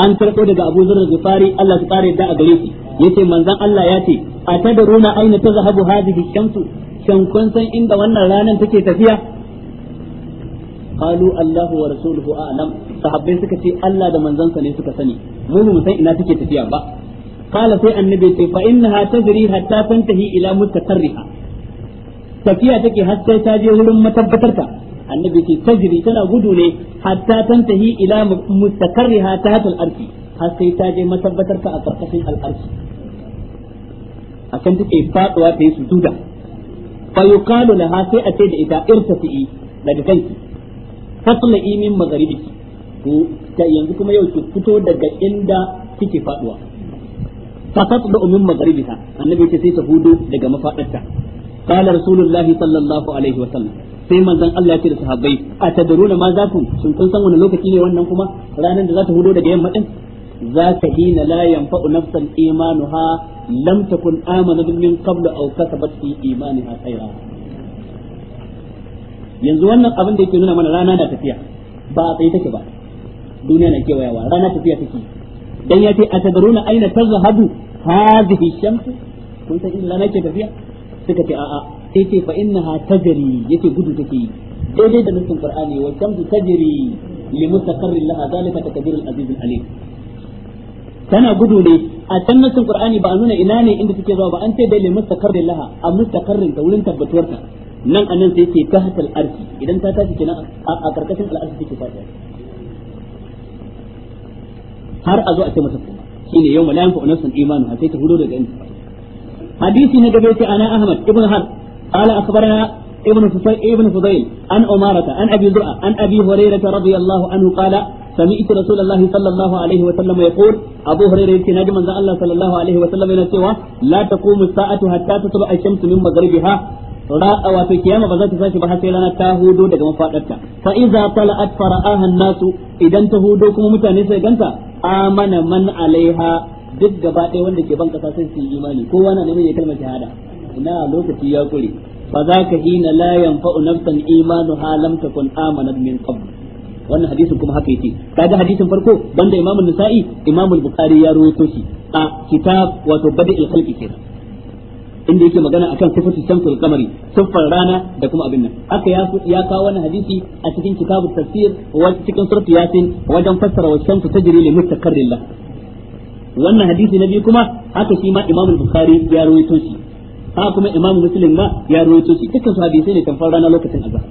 an karɓo daga Abu da Ghifari Allah ya kare da a gare shi yace manzon Allah ya ce atadruna aina ta hadhihi shamsu shan kun san inda wannan ranar take tafiya qalu Allah wa rasuluhu a'lam sahabbai suka ce Allah da manzon ne suka sani mu mu san ina take tafiya ba qala sai annabi ce fa innaha tajri hatta tantahi ila mustaqarriha tafiya take har sai ta je wurin matabbatarta annabi ce tajri tana gudu ne hatta tantahi ila mustaqarriha ta hatal arfi har ta je matabbatarta a karkashin al'arshi akan take faduwa ta yi sujuda fa yuqalu laha a ce da ita daga yanzu kuma yau ki fito daga inda kike faduwa fatatlu min maghribiha annabi yace sai ta hudu daga mafadarta qala rasulullahi sallallahu alaihi wa sallam sai manzon Allah ya ce da sahabbai atadruna ma zakum sun kun san wani lokaci ne wannan kuma ranar da za ta hudo daga yamma din ذاك حين لا ينفع نفسا إيمانها لم تكن آمنت من قبل أو كسبت في إيمانها خيرا yanzu wannan abin da yake nuna mana rana na tafiya ba a tsaye take ba duniya na kewayawa rana tafiya take dan ya ce atadruna aina tazhabu hadhihi shamsu kun san inda nake tafiya suka ce a'a sai ce fa innaha tajri yace gudu take yi daidai da nassin qur'ani wa shamsu tajri li mustaqarrin laha zalika takbirul aziz al alim tana gudu ne a can nassin qur'ani ba a nuna ina ne inda take zuwa ba an ce dai li mustaqarrin laha a mustaqarrin ta wurin tabbatuwarta nan anan sai ce tahtal arshi idan ta tashi kenan a karkashin al'arshi take fadiya har a zo a ce masa kuma shine yau malayan ku nan san imanu ha sai ta hudo daga inda hadisi ne ana ahmad ibnu har qala akhbarana ibnu sufayl ibnu fudayl an umarata an abi zur'a an abi hurairah radhiyallahu anhu qala سمعت رسول الله صلى الله عليه وسلم يقول أبو هريرة يتناجي من الله صلى الله عليه وسلم ينسيوه لا تقوم الساعة حتى تطلع الشمس من ra'a wato kiyama ba za ta sake ba har sai rana ta hudo daga mafadarta fa iza tala'at fara'aha nasu idan ta hudo kuma mutane sai ganta amana man alaiha duk gaba ɗaya wanda ke ban kasa sai su yi imani kowa na neman ya kalmar shahada ina lokaci ya kure fa za ka hina la yanfa'u nafsan imanu ha lam takun amanat min qabl wannan hadisin kuma haka yake kaga hadisin farko banda imamu nisa'i imamu bukhari ya rawaito shi a kitab wato bada'il khalqi kenan inda yake magana akan sifatu shamsul qamari siffar rana da kuma abin nan haka ya ya kawo wannan hadisi a cikin kitabu tafsir wa cikin suratu yasin wajen fassara wa shamsu tajri li mustaqarrin la wannan hadisi na biyu kuma haka shi ma imamu bukhari ya rawaito shi haka kuma imamu muslim ma ya rawaito shi dukkan su hadisi ne tamfar rana lokacin azhar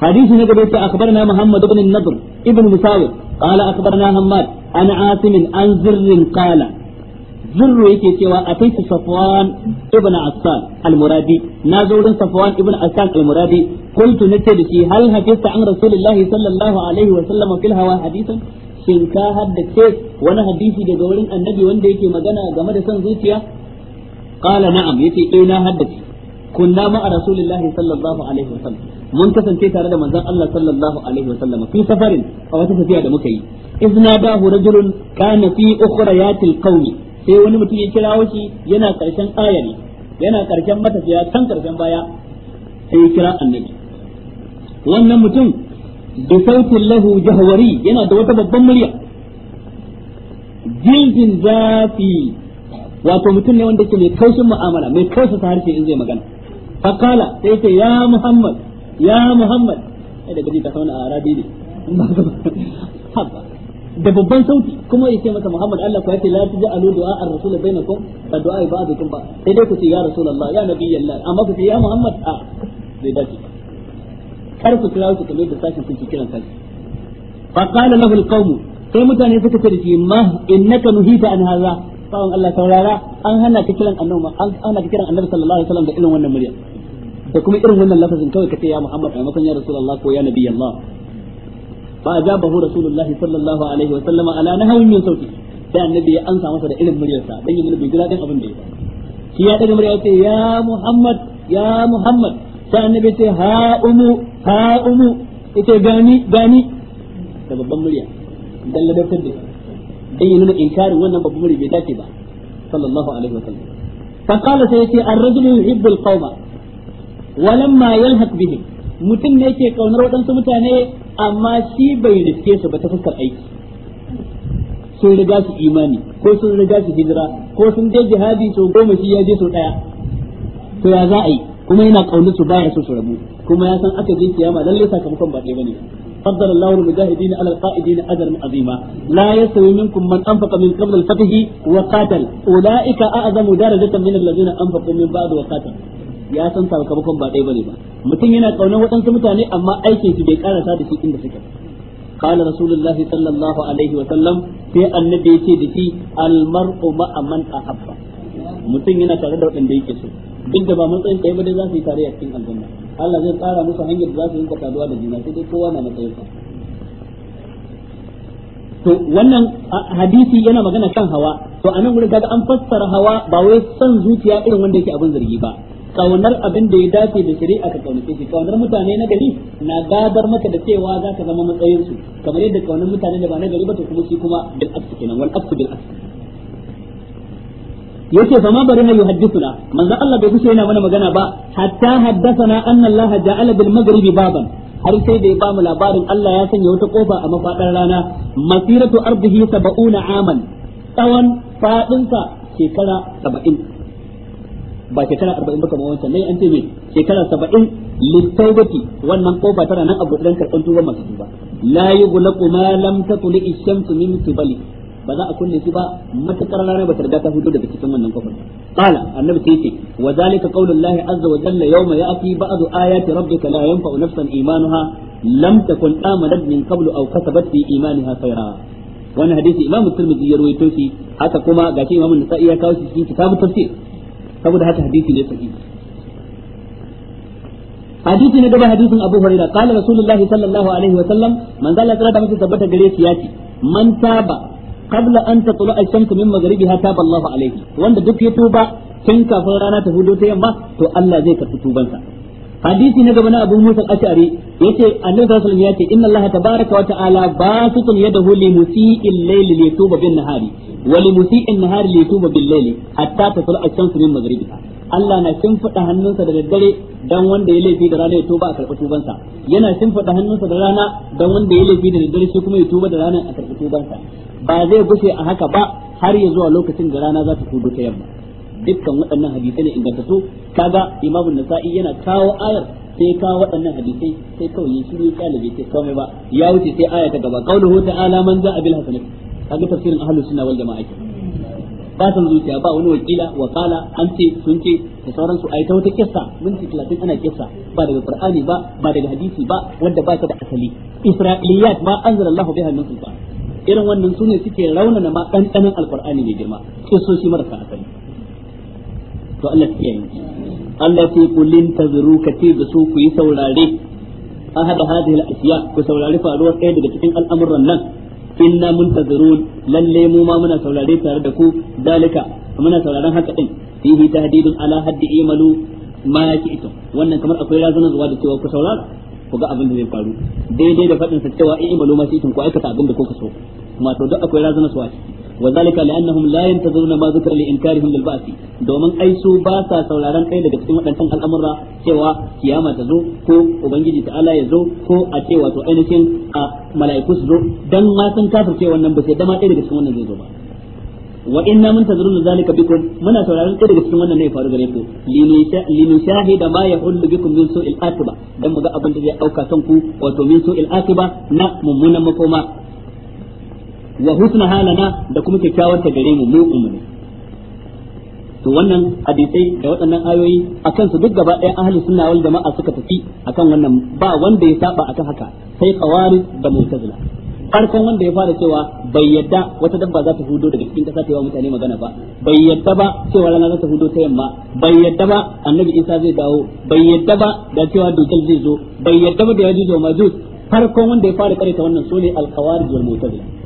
حديث نبي أخبرنا محمد بن النضر ابن مساوي قال أخبرنا هماد عن عاصم عن زر قال zurru yake cewa akai su safwan ibn assan al-muradi na zo wurin safwan ibn assan al-muradi kuntu nace da shi hal hafista an rasulullahi sallallahu alaihi wa sallam fil hawa hadisan shin ka haddace wani hadisi daga wurin annabi wanda yake magana game da son zuciya qala na'am yace eh na haddace kunna ma rasulullahi sallallahu alaihi wa sallam mun kasance tare da manzon Allah sallallahu alaihi wa sallam fi safarin a wata tafiya da muka yi izna dahu rajulun kana fi ukhrayatil qawmi sai wani mutum ya kira shi yana karshen aya ne yana karshen matafiya kan karshen baya sai ya kira annabi wannan mutum da sautin lahu jahwari yana da wata babban murya jirgin zafi wato mutum ne wanda ke mai kaushin mu'amala mai kausa ta harshe in zai magana fakala sai ce ya muhammad ya muhammad sai da gaji sauna a arabi ne da babban sauti kuma ya ce masa Muhammad Allah ya ce la taj'alu du'a ar-rasul bainakum ka du'a ba'dikum ba sai dai ku ce ya rasulullah ya nabiyallah amma ku ce ya Muhammad a bai dace kar ku kira ku kamar da sashin kiran fa qala lahu al-qawm sai mutane suka ce ma innaka nuhita an hadha Allah an hana ka kiran annabi an hana ka kiran annabi sallallahu alaihi wasallam da irin wannan murya da kuma irin wannan lafazin kawai ka ce ya Muhammad a ya rasulullah ko ya fa ajabahu rasulullahi sallallahu alaihi wa sallama ala sauti sai annabi ya ansa masa da irin muryarsa dan yi bai jira abin da ya shi ya daga murya ce ya muhammad ya muhammad sai annabi ce ha umu ha umu ita gani gani da babban murya dan da dan nuna inkarin wannan babban murya bai dace ba sallallahu alaihi wa sallam fa qala sai yace ar-rajulu yuhibbul qauma walamma yalhaq bihim mutum ne yake kaunar wadansu mutane amma shi bai riske su ba ta fuskar aiki sun riga su imani ko sun riga su hijira ko sun je jihadi sau goma shi ya je sau daya to ya za a yi kuma yana kaunar su baya so su rabu kuma ya san aka je kiyama lalle sakamakon ba ɗaya bane فضل الله المجاهدين على القائدين اجرا عظيما لا يستوي منكم من انفق من قبل الفتح وقاتل اولئك اعظم درجه من الذين انفقوا من بعد وقاتل ya san sakamakon ba ɗaya bane ba mutum yana ƙaunar waɗansu mutane amma aikin shi bai karasa da shi inda suke قال رسول الله صلى الله عليه وسلم في النبي يتي دتي المرء مع من احب mutum yana tare da waɗanda yake so duk da ba matsayin ɗaya ba dai za yi tare a cikin aljanna Allah zai tsara musu hanyar da za su rinka saduwa da juna sai dai kowa na matsayin sa to wannan hadisi yana magana kan hawa to anan gurin kaga an fassara hawa ba wai son zuciya irin wanda yake abin zargi ba kaunar abin da ya dace da shari'a ka kaunace shi kaunar mutane na gari na gadar maka da cewa za ka zama matsayin su kamar yadda kaunar mutane da ba na gari ba to kuma shi kuma bil afsu kenan wal afsu bil afsu yake fa ma na yuhaddithuna manzo Allah bai kusa yana mana magana ba hatta haddathana anna Allah ja'ala bil maghribi baban har sai da ya ba mu labarin Allah ya sanya wata kofa a mafadar rana masiratu ardihi 70 aman tsawon fadinsa shekara 70 ba shekara arba'in ba kamar wancan nan an ce me shekara saba'in littaubati wannan kofa tana nan abu gudan karɓar tuban masu tuba la yughlaqu kuma lam kuli ash-shamsu min bali. ba za a kunne su ba matakar rana ba ta riga ta hudu daga cikin wannan kofar qala annabi sai ce wa zalika qaulullahi azza wa jalla yawma ya'ti ba'du ayati rabbika la yanfa'u nafsan imanuha lam takun amanat min qablu aw kasabat fi imaniha khayra wannan hadisi imam at-tirmidhi ya rawaito shi haka kuma gashi imam an-nasa'i ya kawo shi cikin kitabut tafsir saboda haka hadisi ne sahihi hadisi ne gaba hadisin Abu Hurairah qala Rasulullahi sallallahu alaihi wa sallam man zalla tsara da mutum tabbata gare shi yace man taba qabla an tatlu ash-shamsu min maghribiha taba Allahu alaihi wanda duk ya tuba tun kafin rana ta hudu ta yamma to Allah zai karbi tubansa hadisi na gaba na Abu Musa al-Ash'ari yace Annabi sallallahu alaihi wasallam yace inna Allah tabaaraka wa ta'ala basitun yadahu li musii'il layli li tuba bin nahari ولمسيء النهار ليتوب بالليل حتى تطلع الشمس من مغربها Allah na shimfiɗa hannunsa da daddare dan wanda ya laifi da rana ya tuba a karɓi tubansa yana shimfiɗa hannunsa da rana dan wanda ya laifi da daddare shi kuma ya tuba da rana a karɓi tubansa ba zai gushe a haka ba har ya zuwa lokacin da rana za ta tudu ta yamma dukkan waɗannan hadisai ne ingantattu kaga Imam Nasa'i yana kawo ayar sai kawo waɗannan hadisai sai kawai ya shiru ya kyale bai komai ba ya wuce sai aya ta gaba qauluhu ta'ala man za'a bil hasanati kaga tafsirin ahlus sunna wal jama'a ke ba san zuciya ba wani wakila wa qala an ce sun ce da sauransu ai ta wata kissa minti talatin ana kissa ba daga qur'ani ba ba daga hadisi ba wanda ba ta da asali isra'iliyat ma anzalallahu biha min sultan irin wannan sune suke raunana ma dandanan alqur'ani mai girma kissoshi marasa asali to Allah ya yi Allah ya ku lin tazuru kace da su ku yi saurare ahada hadhihi al-asya ku saurari faruwar ɗaya daga cikin al'amuran nan inna muntazirun lalle mu ma muna saurare tare da ku dalika muna sauraron haka din fihi tahdidun ala haddi imalu ma yakitum wannan kamar akwai razanarwa da cewa ku saurara ku ga abin da zai faru daidai da faɗin sa cewa imalu ma yakitum ku aikata abin da kuka so wato duk akwai ciki وذلك لانهم لا ينتظرون ما ذكر لانكارهم للبعث domin ai su ba sa sauraron kai daga cikin waɗancan al'amura cewa kiyama ta zo ko ubangiji ta Allah ya zo ko a ce wato ainihin a mala'iku su zo dan ma sun kafirce wannan ba sai dama ɗaya daga cikin wannan zai zo ba wa inna mun tazrun zalika bikum muna sauraron ɗaya daga cikin wannan ne ya faru gare ku linushahida ma yahullu bikum min su'il akiba dan muga abin da zai auka kan ku wato min su'il akiba na mummunan makoma wa husna halana da kuma kyakkyawar ta gare mu mu to wannan hadisai da waɗannan ayoyi akan su duk gaba ɗaya ahli sunna wal jama'a suka tafi akan wannan ba wanda ya saba akan haka sai qawarij da mu'tazila farkon wanda ya fara cewa bai yadda wata dabba za ta hudo daga cikin kasa ta yi wa mutane magana ba bai yadda ba cewa rana za ta hudo ta yamma bai yadda ba annabi isa zai dawo bai yadda ba da cewa dokar zai zo bai yadda ba da yaji zo majus farkon wanda ya fara karanta wannan sune al-qawarij wal mu'tazila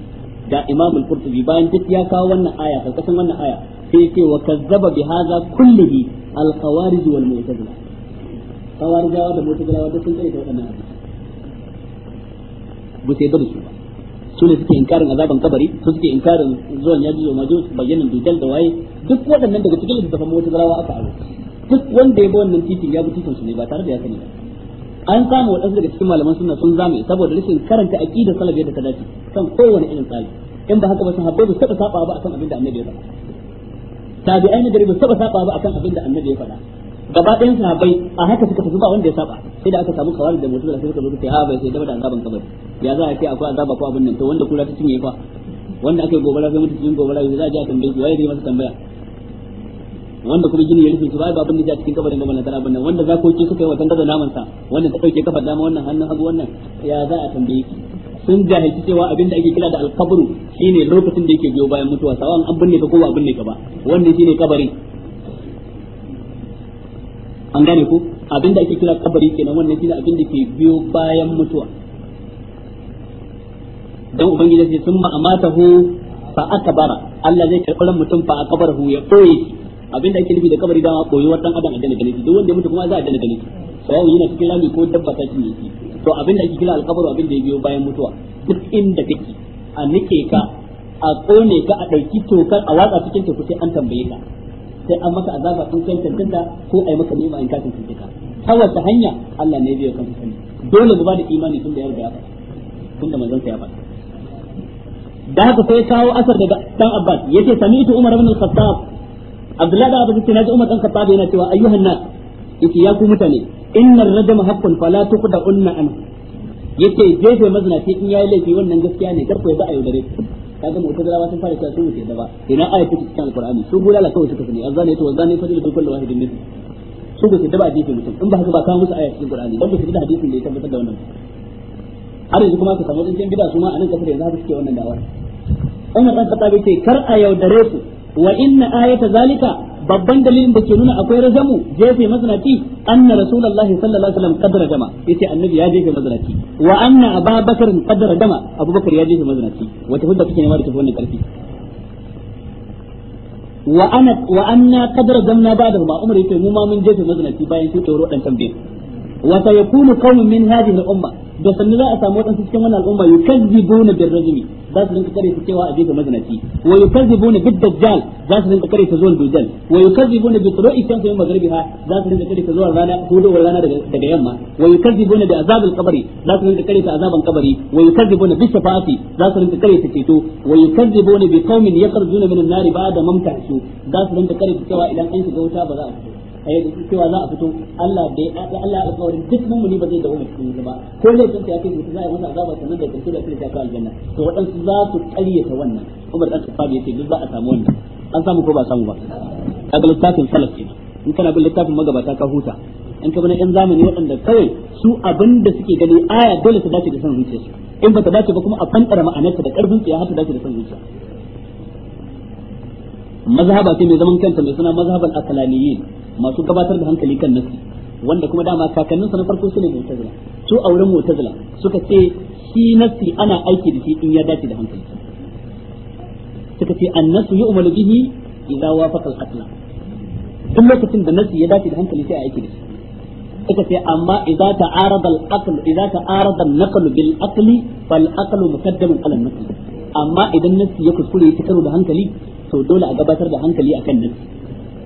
Da Imam al-Qurtubi bayan duk ya kawo wannan aya karkashin wannan aya sai ce wa kazzaba bi hadha kullihi al-khawarij wal mu'tazila khawarijawa da mu'tazilawa duk sun kare da wannan ba sai da su ba su ne suke inkarin azaban kabari su suke inkarin zuwan yaji yau majo bayyanin dujal da waye duk waɗannan daga cikin littafin mota zarawa aka aro duk wanda ya bi wannan titin ya bi titin su ne ba tare da ya sani ba an samu wadansu daga cikin malaman suna sun zame saboda rashin karanta aqida salaf yadda ta dace kan kowane irin tsari in ba haka ba haɓe ba saba saba ba akan abin da annabi ya faɗa tabi'ai ainihin gari ba saba saba ba akan abin da annabi ya faɗa gaba ɗayan sahabbai a haka suka tafi ba wanda ya saba sai da aka samu kawari da mutum da suka zo ta haɓe bai sai da azaban kabari ya za a ce akwai azaba ko abin nan to wanda kula ta cinye fa wanda aka yi gobara sai mutum cikin gobara sai za a ji a tambaye shi waye zai masa tambaya wanda kuma gini ya rufe su ba ba abin da ya cikin kabarin da mallakar abin nan wanda zakoki suka yi wa tangado naman sa wanda ta dauke kafar dama wannan hannun hagu wannan ya za a tambaye ki sun jahilci cewa abin da ake kira da alkabru shine lokacin da yake biyo bayan mutuwa sawan an binne ka ko ba binne ka ba wannan shine kabari an gane ko abin da ake kira kabari kenan wannan shine abin da ke biyo bayan mutuwa dan ubangiji sai sun amatahu fa akbara Allah zai karɓi mutum fa akbarahu ya koye Abin da ake nufi da kabari dama koyi dan adam a janar gane duk wanda ya mutu kuma za a janna gane sawa yana cikin rami ko dabba ta cinye shi to da ake alkabar abin da ya biyo bayan mutuwa duk inda take a nike ka a kone ka a dauki tokar a watsa cikin teku sai an tambaye ka sai an maka azaba sun kai tantanta ko ai maka ni'ima in ka tantance ka ta wata hanya Allah ne biya kan sani dole mu ba da imani tun da yarda ya faɗa tun da manzon sa ya faɗa da haka sai kawo asar daga dan Abbas yace sami'tu Umar ibn al-Khattab abdullahi da Abubakar sai naji umar dan khattab yana cewa ayyuhan nas yace ya ku mutane innar rajama haqqun fala tuqda unna an yace jefe mazinaci in yayi laifi wannan gaskiya ne kar ka ga mutum da ba sun fara cewa sun da ba ina ayi take cikin alqur'ani su bulala kawai suka sani azan yato azan yato da kullu wahidin min su ba da ba jefe mutum in ba haka ba ka musu ayati cikin qur'ani dan ba su da hadisin da ya tabbatar da wannan har yanzu kuma ka samu tsinken bid'a su ma a kasar yanzu haka suke wannan da'awar Umar dan Khattab yace kar a yaudare su wa inna ayata zalika babban dalilin da ke nuna akwai rajamu jefe mazinaci anna rasulullah sallallahu alaihi wasallam qadara dama yace annabi ya jefe mazinaci wa anna ababakar qadara dama abubakar ya jefe mazinaci wata hujja kake nema da tafi wannan karfi wa ana wa anna kadara damna ba'dahu ma umar yace mu ma mun jefe mazinaci bayan shi tsoro dan tambaye wa sayakunu qaumun min hadhihi al-umma da sannu za a samu wadansu cikin wannan al'umma yukazzibuna bir rajmi za su rinka kare su cewa a aje ga mazinaci wa yukazzibuna bid dajjal za su rinka kare ta zuwan dajjal wa yukazzibuna bi tulu'i shamsi min maghribiha za su rinka kare su zuwa rana hudowar rana daga daga yamma wa yukazzibuna bi azabil kabari za su rinka kare ta azaban kabari wa yukazzibuna bi shafa'ati za su rinka kare ta ceto wa yukazzibuna bi qaumin yakhrujuna min an da mamta su za su rinka kare su cewa idan an shiga wuta ba za a fito ai da shi cewa za a fito Allah bai Allah ya alƙawarin duk mummuni ba zai dawo mu cikin ba ko laifin ta za a yi masa azaba sannan da karshe da sai ta kawo aljanna to waɗansu za su ƙaryata wannan Umar dan ya ce duk za a samu wannan an samu ko ba samu ba kaga littafin salaf kenan in kana bin littafin magabata ka huta in ka bana ɗan zamani waɗanda kawai su abin da suke gani aya dole ta dace da san zuciyarsu in ba ta dace ba kuma a fantara ma'anarta da ƙarfin tsiya har ta dace da san zuciya mazhaba ce mai zaman kanta mai suna mazhaban akalaniyin masu gabatar da hankali kan nafsi wanda kuma dama kakannin sa na farko sune mu'tazila su auren mu'tazila suka ce shi nafsi ana aiki da shi in ya dace da hankali suka ce annasu yu'malu bihi idza wafaqa al-aql duk lokacin da nafsi ya dace da hankali sai a aiki da shi suka ce amma idza ta'arada al-aql idza ta'arada an-naql bil aqli fal aql muqaddamun ala an-naql amma idan nafsi ya kuskure ya karo da hankali to dole a gabatar da hankali akan nafsi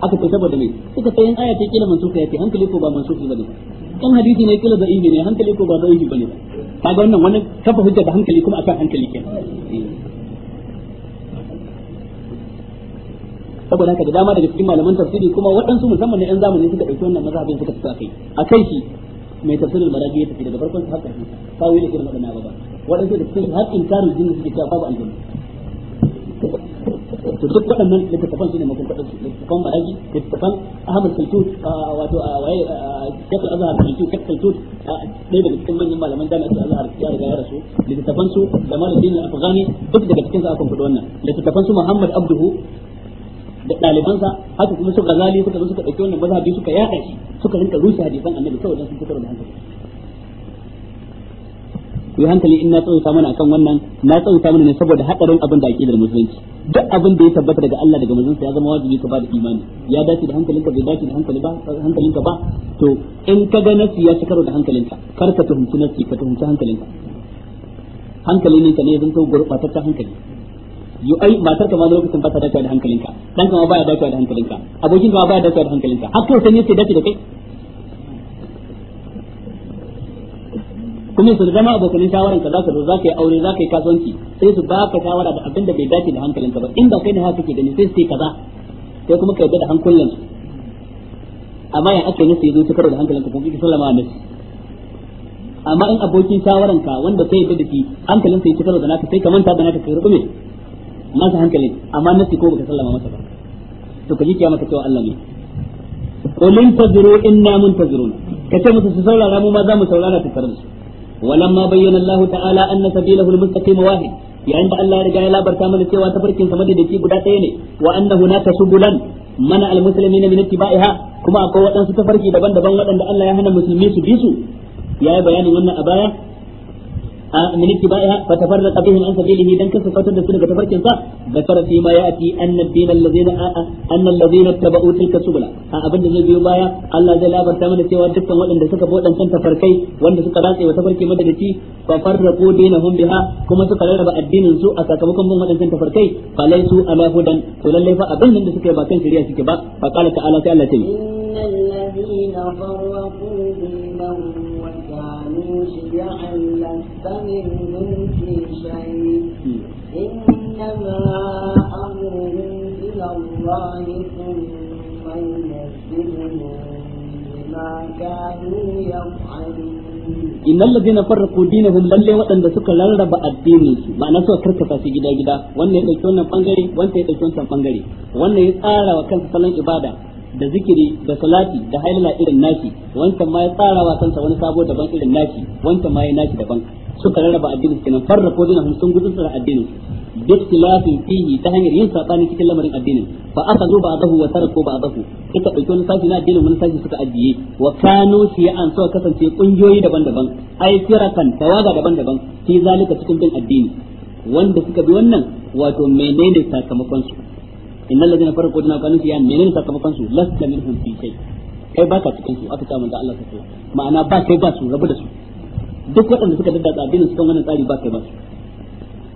aka ce saboda me suka sayan aya ta kila mansuka yake hankali ko ba mansuki bane kan hadisi ne kila da ibi ne hankali ko ba da ibi bane kaga wannan wannan kafa hujja da hankali kuma akan hankali ke saboda haka da dama daga cikin malaman tafsiri kuma waɗansu musamman na yan zamani suka ɗauki wannan mazhabin suka tsaka kai a kai shi mai tafsirin maraji ya tafi daga farkon har ƙarshe tawili irin waɗannan ba waɗansu da cikin har inkarul jinni suke cewa babu aljanna to duk waɗannan littattafan shine mutum kaɗan littattafan maraji littattafan ahmad kaltut wato waye shekh azhar kaltut shekh kaltut ɗaya daga cikin manyan malaman jami'ar azhar ya riga ya rasu littattafan su da malamin afghani duk daga cikin su aka faɗi wannan littattafan su muhammad abduhu da ɗalibansa haka kuma su gazali suka zo suka ɗauki wannan mazhabi suka yaɗa shi suka rinka rushe hadisan annabi saboda sun fitar da hankali ku yi hankali in na tsawata mana akan wannan na tsawata mana ne saboda hadarin abin da ake da musulunci duk abin da ya tabbata daga Allah daga manzon ya zama wajibi ka ba da imani ya dace da hankalinka bai dace da hankali ba hankalinka ba to in ka ga nasi ya cikaro da hankalinka kar ka tuhunci nasi ka tuhunci hankalinka hankalin ka ne zan to gurbataccen hankali yu ai matar ka ma lokacin ba ta dace da hankalinka dan ka ma ya dace da hankalinka abokin ka ma ya dace da hankalinka har kai sai ne dace da kai kuma su zama abokanin shawaran ka zaka zo zaka yi aure zaka yi kasuwanci sai su baka shawara da abin da bai dace da hankalinka ba inda kai ne haka kake gani sai su ce kaza sai kuma ka yarda da hankulan su amma ya ake nufi zo cikar da hankalinka kuma kike sallama nasi amma in abokin shawaran ka wanda sai yarda da shi hankalin sai cikar da naka sai ka manta da naka ka rubume masa hankali amma nasi ko baka sallama masa ba to ka ji kiyama ka cewa Allah ne ko mun tazuru inna mun tazuruna kace musu su saurara mu ma za mu saurara ta karin ولما بين الله تعالى أن سبيله المستقيم واحد yayin da Allah ya riga ya labarta mana cewa tafarkin sa madadaki guda ɗaya ne wa anna su bulan mana almuslimin min ittiba'iha kuma akwai waɗansu tafarki daban-daban waɗanda Allah ya hana musulmi su bi su yayi bayanin wannan a baya a min tibaiha fa tafarraqa ansa an sabilihi dan kasu fatar da su da tafarkin sa da fara fi ma ya'ti annabina allazina a'a anna allazina tabau tilka subula a abin da zai biyo baya Allah zai labarta mana cewa dukkan waɗanda suka bi waɗannan tafarkai wanda suka ratse wa tafarki madadaci fa farraqu dinahum biha kuma suka rarraba addinin su a sakamakon bin waɗannan tafarkai fa laisu ala hudan to lalle fa abin da suke ba kan shari'a suke ba fa qala ta'ala sai Allah ta yi يحتمل منك شيء إنما أمره إلى الله ثم ينبئهم بما كانوا يفعلون innal ladina farraqu dinahum lalle waɗanda suka rarraba addinin su ma'ana suka karkata su gida gida wannan ya dauki wannan bangare wannan ya dauki wannan bangare wannan ya tsara wa kansa salon ibada da zikiri da salati da hailala irin nashi wancan ma ya tsara wa kansa wani sabo daban irin nashi wancan ma ya nashi daban suka rarraba addinin kenan ko dinahum sun tsara addinin duk ikhtilafin fihi ta hanyar yin sabani cikin lamarin addinin fa ba ba'dahu wa ba ba'dahu suka dauki wani sashi na addinin wani sashi suka ajiye wa kanu an suka kasance kungiyoyi daban-daban ai firakan tawaga daban-daban fi zalika cikin bin addini wanda suka bi wannan wato menene sakamakon su inna ladina farqu dinahum kanu an menene sakamakon su lasta minhum fi shay kai baka cikin su aka ta manzo Allah ta ma'ana ba kai ba su rabu da su duk waɗanda suka daddatsa addinin su kan wannan tsari ba kai ba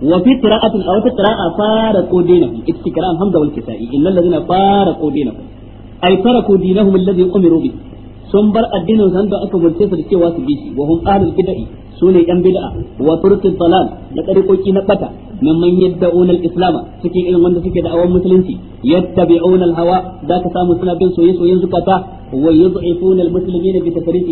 wa fi qira'atin aw fi qira'a faraqu dinahu istikra'an hamza wal kisa'i innal ladina faraqu dinahu ay taraku dinahum alladhi umiru bi sun bar addinin su da aka murce su da cewa su bi shi wa hum ahlul bid'ah sune yan bid'a wa dalal da tarikoki na bata mimman yad'un al-islam suke irin wanda suke da awan musulunci yattabi'un al-hawa da samu suna bin soyayya zukata wa yud'ifun al-muslimin bi tafriq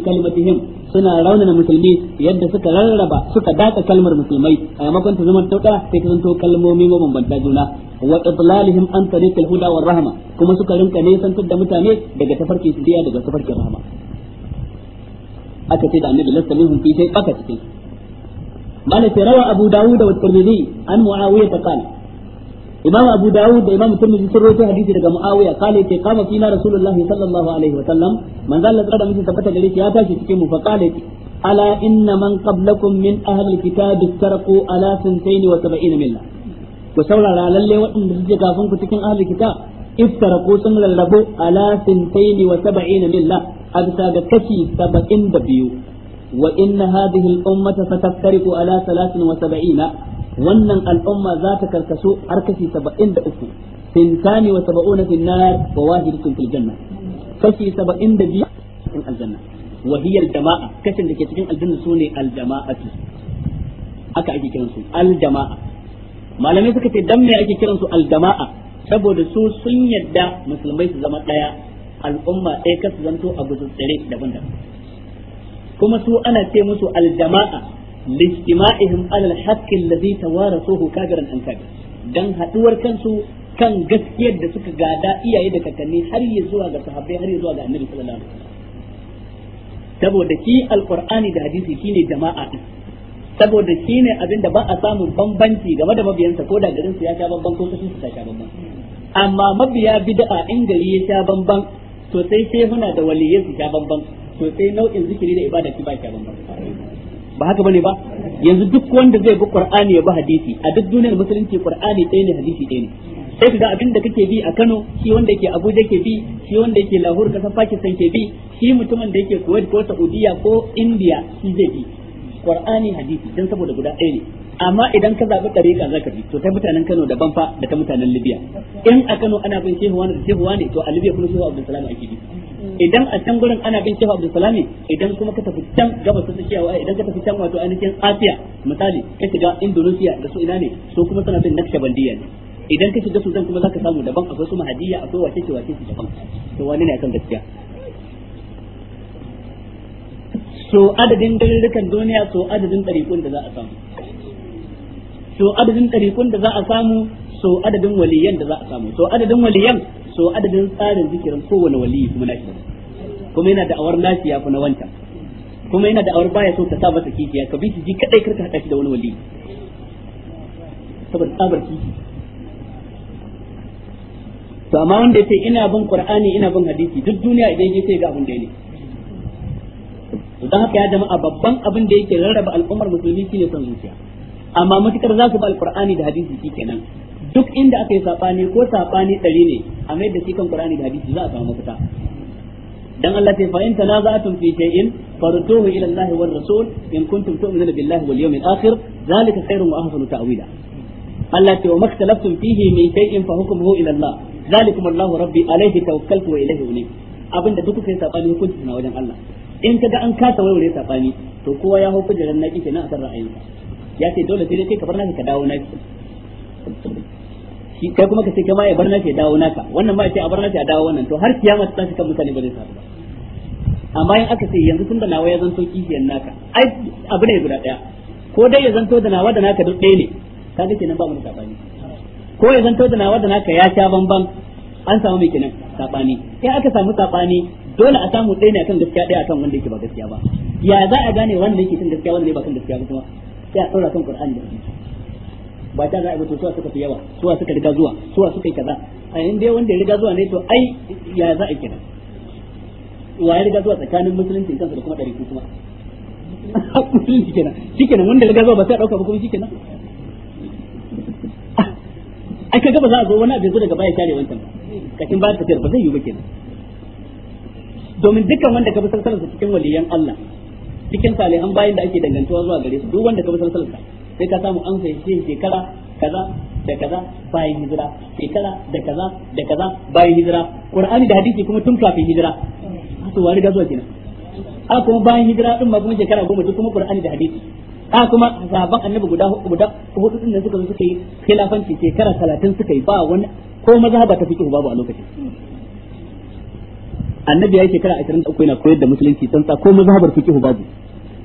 suna raunana musulmi yadda suka rarraba suka daka kalmar musulmai a ta zama tauka sai mabambanta juna wa idlalihim an tariq rahma kuma suka rinka da mutane daga daga rahma aka ce da annabi lasta minhum fi shay baka cikin rawa abu dawud da tirmidhi an muawiya ta kana imam abu dawud da imam tirmidhi sun rawaito hadisi daga muawiya kana yace kama fina rasulullah sallallahu alaihi wa sallam manzo Allah tsada miki tabbata gare ya tashi cikin mu fa kana yace ala inna man qablakum min ahli alkitab istaraku ala 72 milla ku saurara lalle waɗanda suke kafin ku cikin ahli kitab iftaraku sun rarrabu ala 72 milla a da biyu wa inna hadhihi al-ummata malamai dan me ake kiransu saboda su sun musulmai su zama al'umma ɗaya kasu zanto a guzuzzure daban-daban kuma su ana ce musu aljama'a lijtima'ihim alal haqqi ladhi tawarasuhu kabiran an kabir dan haduwar kansu kan gaskiyar da suka gada iyaye da kakanni har yi zuwa ga sahabbai har yi zuwa ga annabi sallallahu alaihi wasallam saboda shi alqur'ani da hadisi shine jama'a din saboda shi ne abin ba a samun bambanci game da mabiyansa ko da garin su ya sha bamban ko kasin su ta sha bamban amma mabiya bid'a in gari ya sha bamban to sai muna da waliyan su sha bamban sai nau'in zikiri da ibada ki ba ki bamban ba haka bane ba yanzu duk wanda zai bi qur'ani ya bi hadisi a duk duniyar musulunci qur'ani ɗaya ne hadisi ɗaya ne sai ka ga abin da kake bi a Kano shi wanda yake Abuja ke bi shi wanda yake Lahore san Pakistan ke bi shi mutumin da yake Kuwait ko Saudiya ko India shi zai bi Qur'ani hadisi dan saboda guda ɗaya ne amma idan ka ɗari tariqa zaka bi to ta mutanen Kano daban fa da ta mutanen Libya in a Kano ana bin shehu wani da shehu wani to a Libya kuma shehu Abdul Salam ake bi idan a can gurin ana bin shehu Abdul Salam idan kuma ka tafi can gabas ta tsakiya idan ka tafi can wato ainihin Asiya misali ka shiga Indonesia da su ina ne su kuma suna bin Nakshabandiyya ne idan ka shiga zan kuma zaka samu daban akwai su Mahadiyya akwai wace ce wace ce daban to wani ne akan gaskiya so adadin dalilikan duniya so adadin ɗariƙun da za a samu so adadin ɗariƙun da za a samu so adadin waliyan da za a samu so adadin waliyan so adadin tsarin zikirin kowane waliyi kuma nashi kuma yana da awar nashi ya fi wancan kuma yana da awar baya so ka sa masa kikiya ka bi shi ji kadai karka hada shi da wani waliyi saboda tsabar kiki to amma wanda yace ina bin qur'ani ina bin hadisi duk duniya idan yake sai ga abin da ne to dan haka ya jama'a babban abin da yake rarraba al'ummar musulmi shine son zuciya amma matukar za su ba alqur'ani da hadisi shikenan duk inda aka yi sabani ko sabani ɗari ne a mai da shi kan qur'ani da hadisi za a samu mafita dan Allah ta fa in tanaza'tum fi shay'in farduhu ila Allah war rasul in kuntum tu'minuna billahi wal yawmil akhir zalika khairun wa ahsanu ta'wila Allah ta wa maktalaftum fihi min shay'in fa hukmuhu ila Allah zalikum Allahu rabbi alayhi tawakkaltu wa ilayhi unib abinda duk kai sabani hukunci na wajen Allah in kaga an kasa waiware sabani to kowa ya hukunta ran naki kenan san ra'ayinsa ya ce dole sai dai kai ka bar naka ka dawo naki shi kai kuma ka ce kai ma ya bar naka ya dawo naka wannan ma ya ce a bar naka ya dawo wannan to har kiyama ta tashi kan mutane ba zai samu ba amma in aka ce yanzu tun da nawa ya zanto kishiyan naka ai abu ne guda daya ko dai ya zanto da nawa da naka duk ɗaya ne kaga kenan ba mu da sabani ko ya zanto da nawa da naka ya sha bamban an samu mai kenan sabani in aka samu sabani dole a samu ɗaya ne akan gaskiya ɗaya akan wanda yake ba gaskiya ba ya za a gane wanda yake kan gaskiya wanda ne ba kan gaskiya ba kuma sai a tsara kan Qur'ani da hadisi ba ta za a mutu suwa suka fi yawa suwa suka riga zuwa suwa suka yi kaza a in dai wanda ya riga zuwa ne to ai ya za a kira wa ya riga zuwa tsakanin musulunci kansa da kuma ɗari ko kuma musulunci kenan shikenan wanda riga zuwa ba sai a ɗauka ba kuma shikenan ai kaga ba za a zo wani abin zo daga baya share wancan ba kashin ba ta ba zai yi ba kenan domin dukkan wanda ka bi sarsarar cikin waliyan Allah cikin salihan bayan da ake dangantuwa zuwa gare su duk wanda ka bi salsalarsa sai ka samu an ke shekara kaza da kaza bayan hijira shekara da kaza da kaza bayan hijira qur'ani da hadisi kuma tun kafin hijira ah, to wani gazuwa kenan a ah, kuma bayan hijira din ma kuma shekara goma duk kuma qur'ani da hadisi a ah, kuma sahabban annabi guda guda hudu din nan suka zo suka yi khilafanci shekara 30 suka yi ba wani ko mazhaba ta fiki babu a lokacin annabi ya yi shekara 23 yana koyar da musulunci tsantsa ko mazhabar fiki babu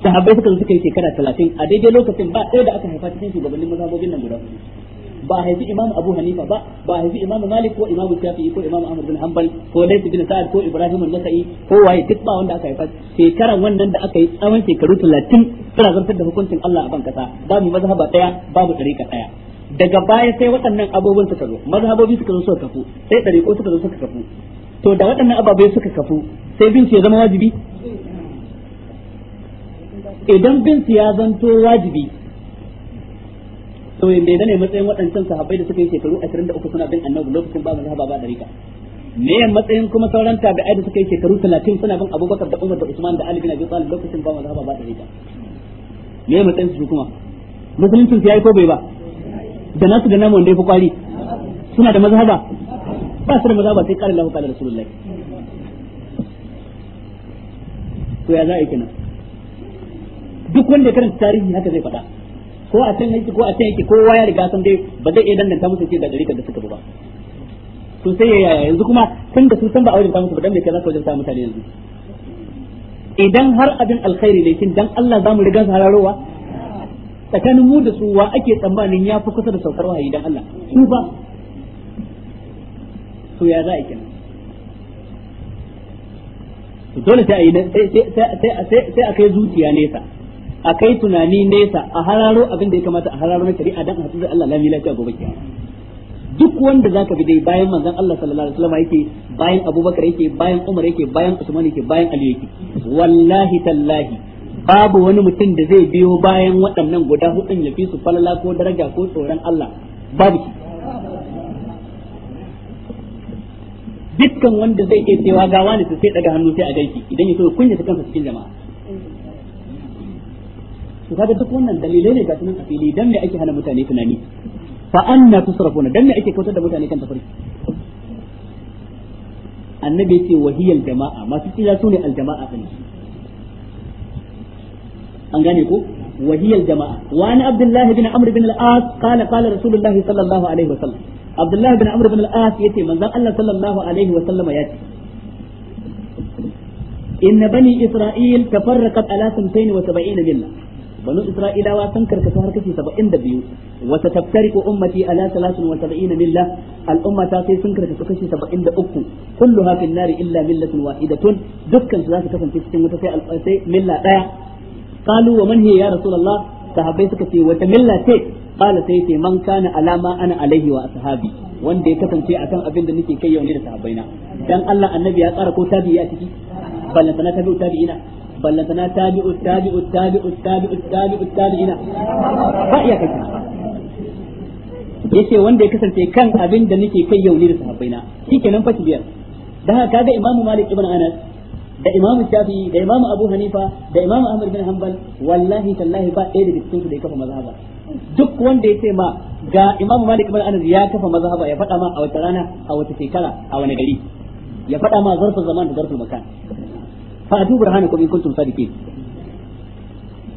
sahabbai suka zo suka yi shekara talatin a daidai lokacin ba ɗaya da aka haifa cikin shugabannin mazhabobin nan guda ba a haifi imamu abu hanifa ba ba haifi imamu malik ko imamu shafi'i ko imamu ahmad bin hanbal ko lais bin sa'ad ko ibrahim an-nasa'i ko waye duk ba wanda aka haifa shekaran wannan da aka yi tsawon shekaru 30 suna zartar da hukuncin Allah a ban ba mu mazhaba daya babu ka daya daga baya sai waɗannan abubuwan suka zo mazhabobi suka zo suka kafu sai ko suka zo suka kafu to da waɗannan ababai suka kafu sai bin shi ya zama wajibi idan bin ya zanto wajibi to me ne matsayin waɗancan sahabbai da suka yi shekaru 23 suna bin annabi lokacin ba mazhaba ba dariƙa me matsayin kuma sauran tabi'ai da suka yi shekaru 30 suna bin Abubakar da Umar da Usman da Ali bin Abi Talib lokacin ba mazhaba ba dariƙa me matsayin su kuma Musulunci su yayi ko bai ba da nasu da namu wanda yafi kwari suna da mazhaba ba su da mazhaba sai karin lafuka da Rasulullahi to ya za a yi kenan duk wanda ya karanta tarihi haka zai faɗa ko a can yake ko a can yake kowa ya riga san dai ba zai iya danganta musu ce ga kan da suka ba to sai ya yaya yanzu kuma tun da su san ba a wajen ta musu ba dan me kai zaka wajen ta mutane yanzu idan har abin alkhairi ne kin dan Allah za mu riga su hararowa tsakanin mu da su wa ake tsammanin ya fi kusa da saukar wahayi dan Allah su ba to ya za a kenan dole sai a yi sai a kai zuciya nesa a kai tunani nesa a hararo abin da ya kamata a hararo na shari'a dan a da Allah lami lafiya gobe kiyama duk wanda zaka bi dai bayan manzon Allah sallallahu alaihi wasallam yake bayan Abubakar yake bayan Umar yake bayan Usman yake bayan Ali yake wallahi tallahi babu wani mutum da zai biyo bayan waɗannan guda hudun ya fi su falala ko daraja ko tsoron Allah babu shi dukkan wanda zai iya cewa ga wani sai daga hannu sai a gaiki idan ya so kunya kansa cikin jama'a to kaga duk wannan dalilai ne ga sunan a fili dan me ake hana mutane tunani fa anna tusrafuna dan me ake kautar da mutane kan tafarki annabi yace wahiyal jama'a masu tsira su ne aljama'a din an gane ko wahiyal jama'a wa ana abdullahi bin amr bin al-as qala qala rasulullahi sallallahu alaihi wa sallam abdullahi bin amr bin al-as yace manzon Allah sallallahu alaihi wa wasallama yace إن بني إسرائيل تفرقت على 72 ملة banu isra'ilawa sun karkata har kashi 72 wa tataftariqu ummati ala 73 milla al ummata sai sun karkata kashi 73 kullu hafin nari illa millatun tun dukkan su za su kasance cikin wata sai sai milla daya qalu wa man hiya ya rasulullah sahabbai suka ce wata milla ce qala sai ce alama ana alaihi wa ashabi wanda ya kasance akan abin da nake kai yau ne da sahabbaina dan Allah annabi ya tsara ko tabi'i a ciki balantana tabi'u tabi'ina ballantana tabi'u tabi'u tabi'u tabi'u tabi'u tabi'ina ba iya kake yace wanda ya kasance kan abin da nake kai yau ne da sahabbaina shikenan fa biyar da haka kaga imamu malik ibn anas da imamu shafi'i da imamu abu hanifa da imamu ahmad bin hanbal wallahi tallahi ba ɗaya daga cikin su da ya kafa mazhaba duk wanda ya ce ma ga imamu malik ibn anas ya kafa mazhaba ya faɗa ma a wata rana a wata shekara a wani gari ya faɗa ma zarfin zaman da zarfin makan fa burhani ko in kuntum sadiqin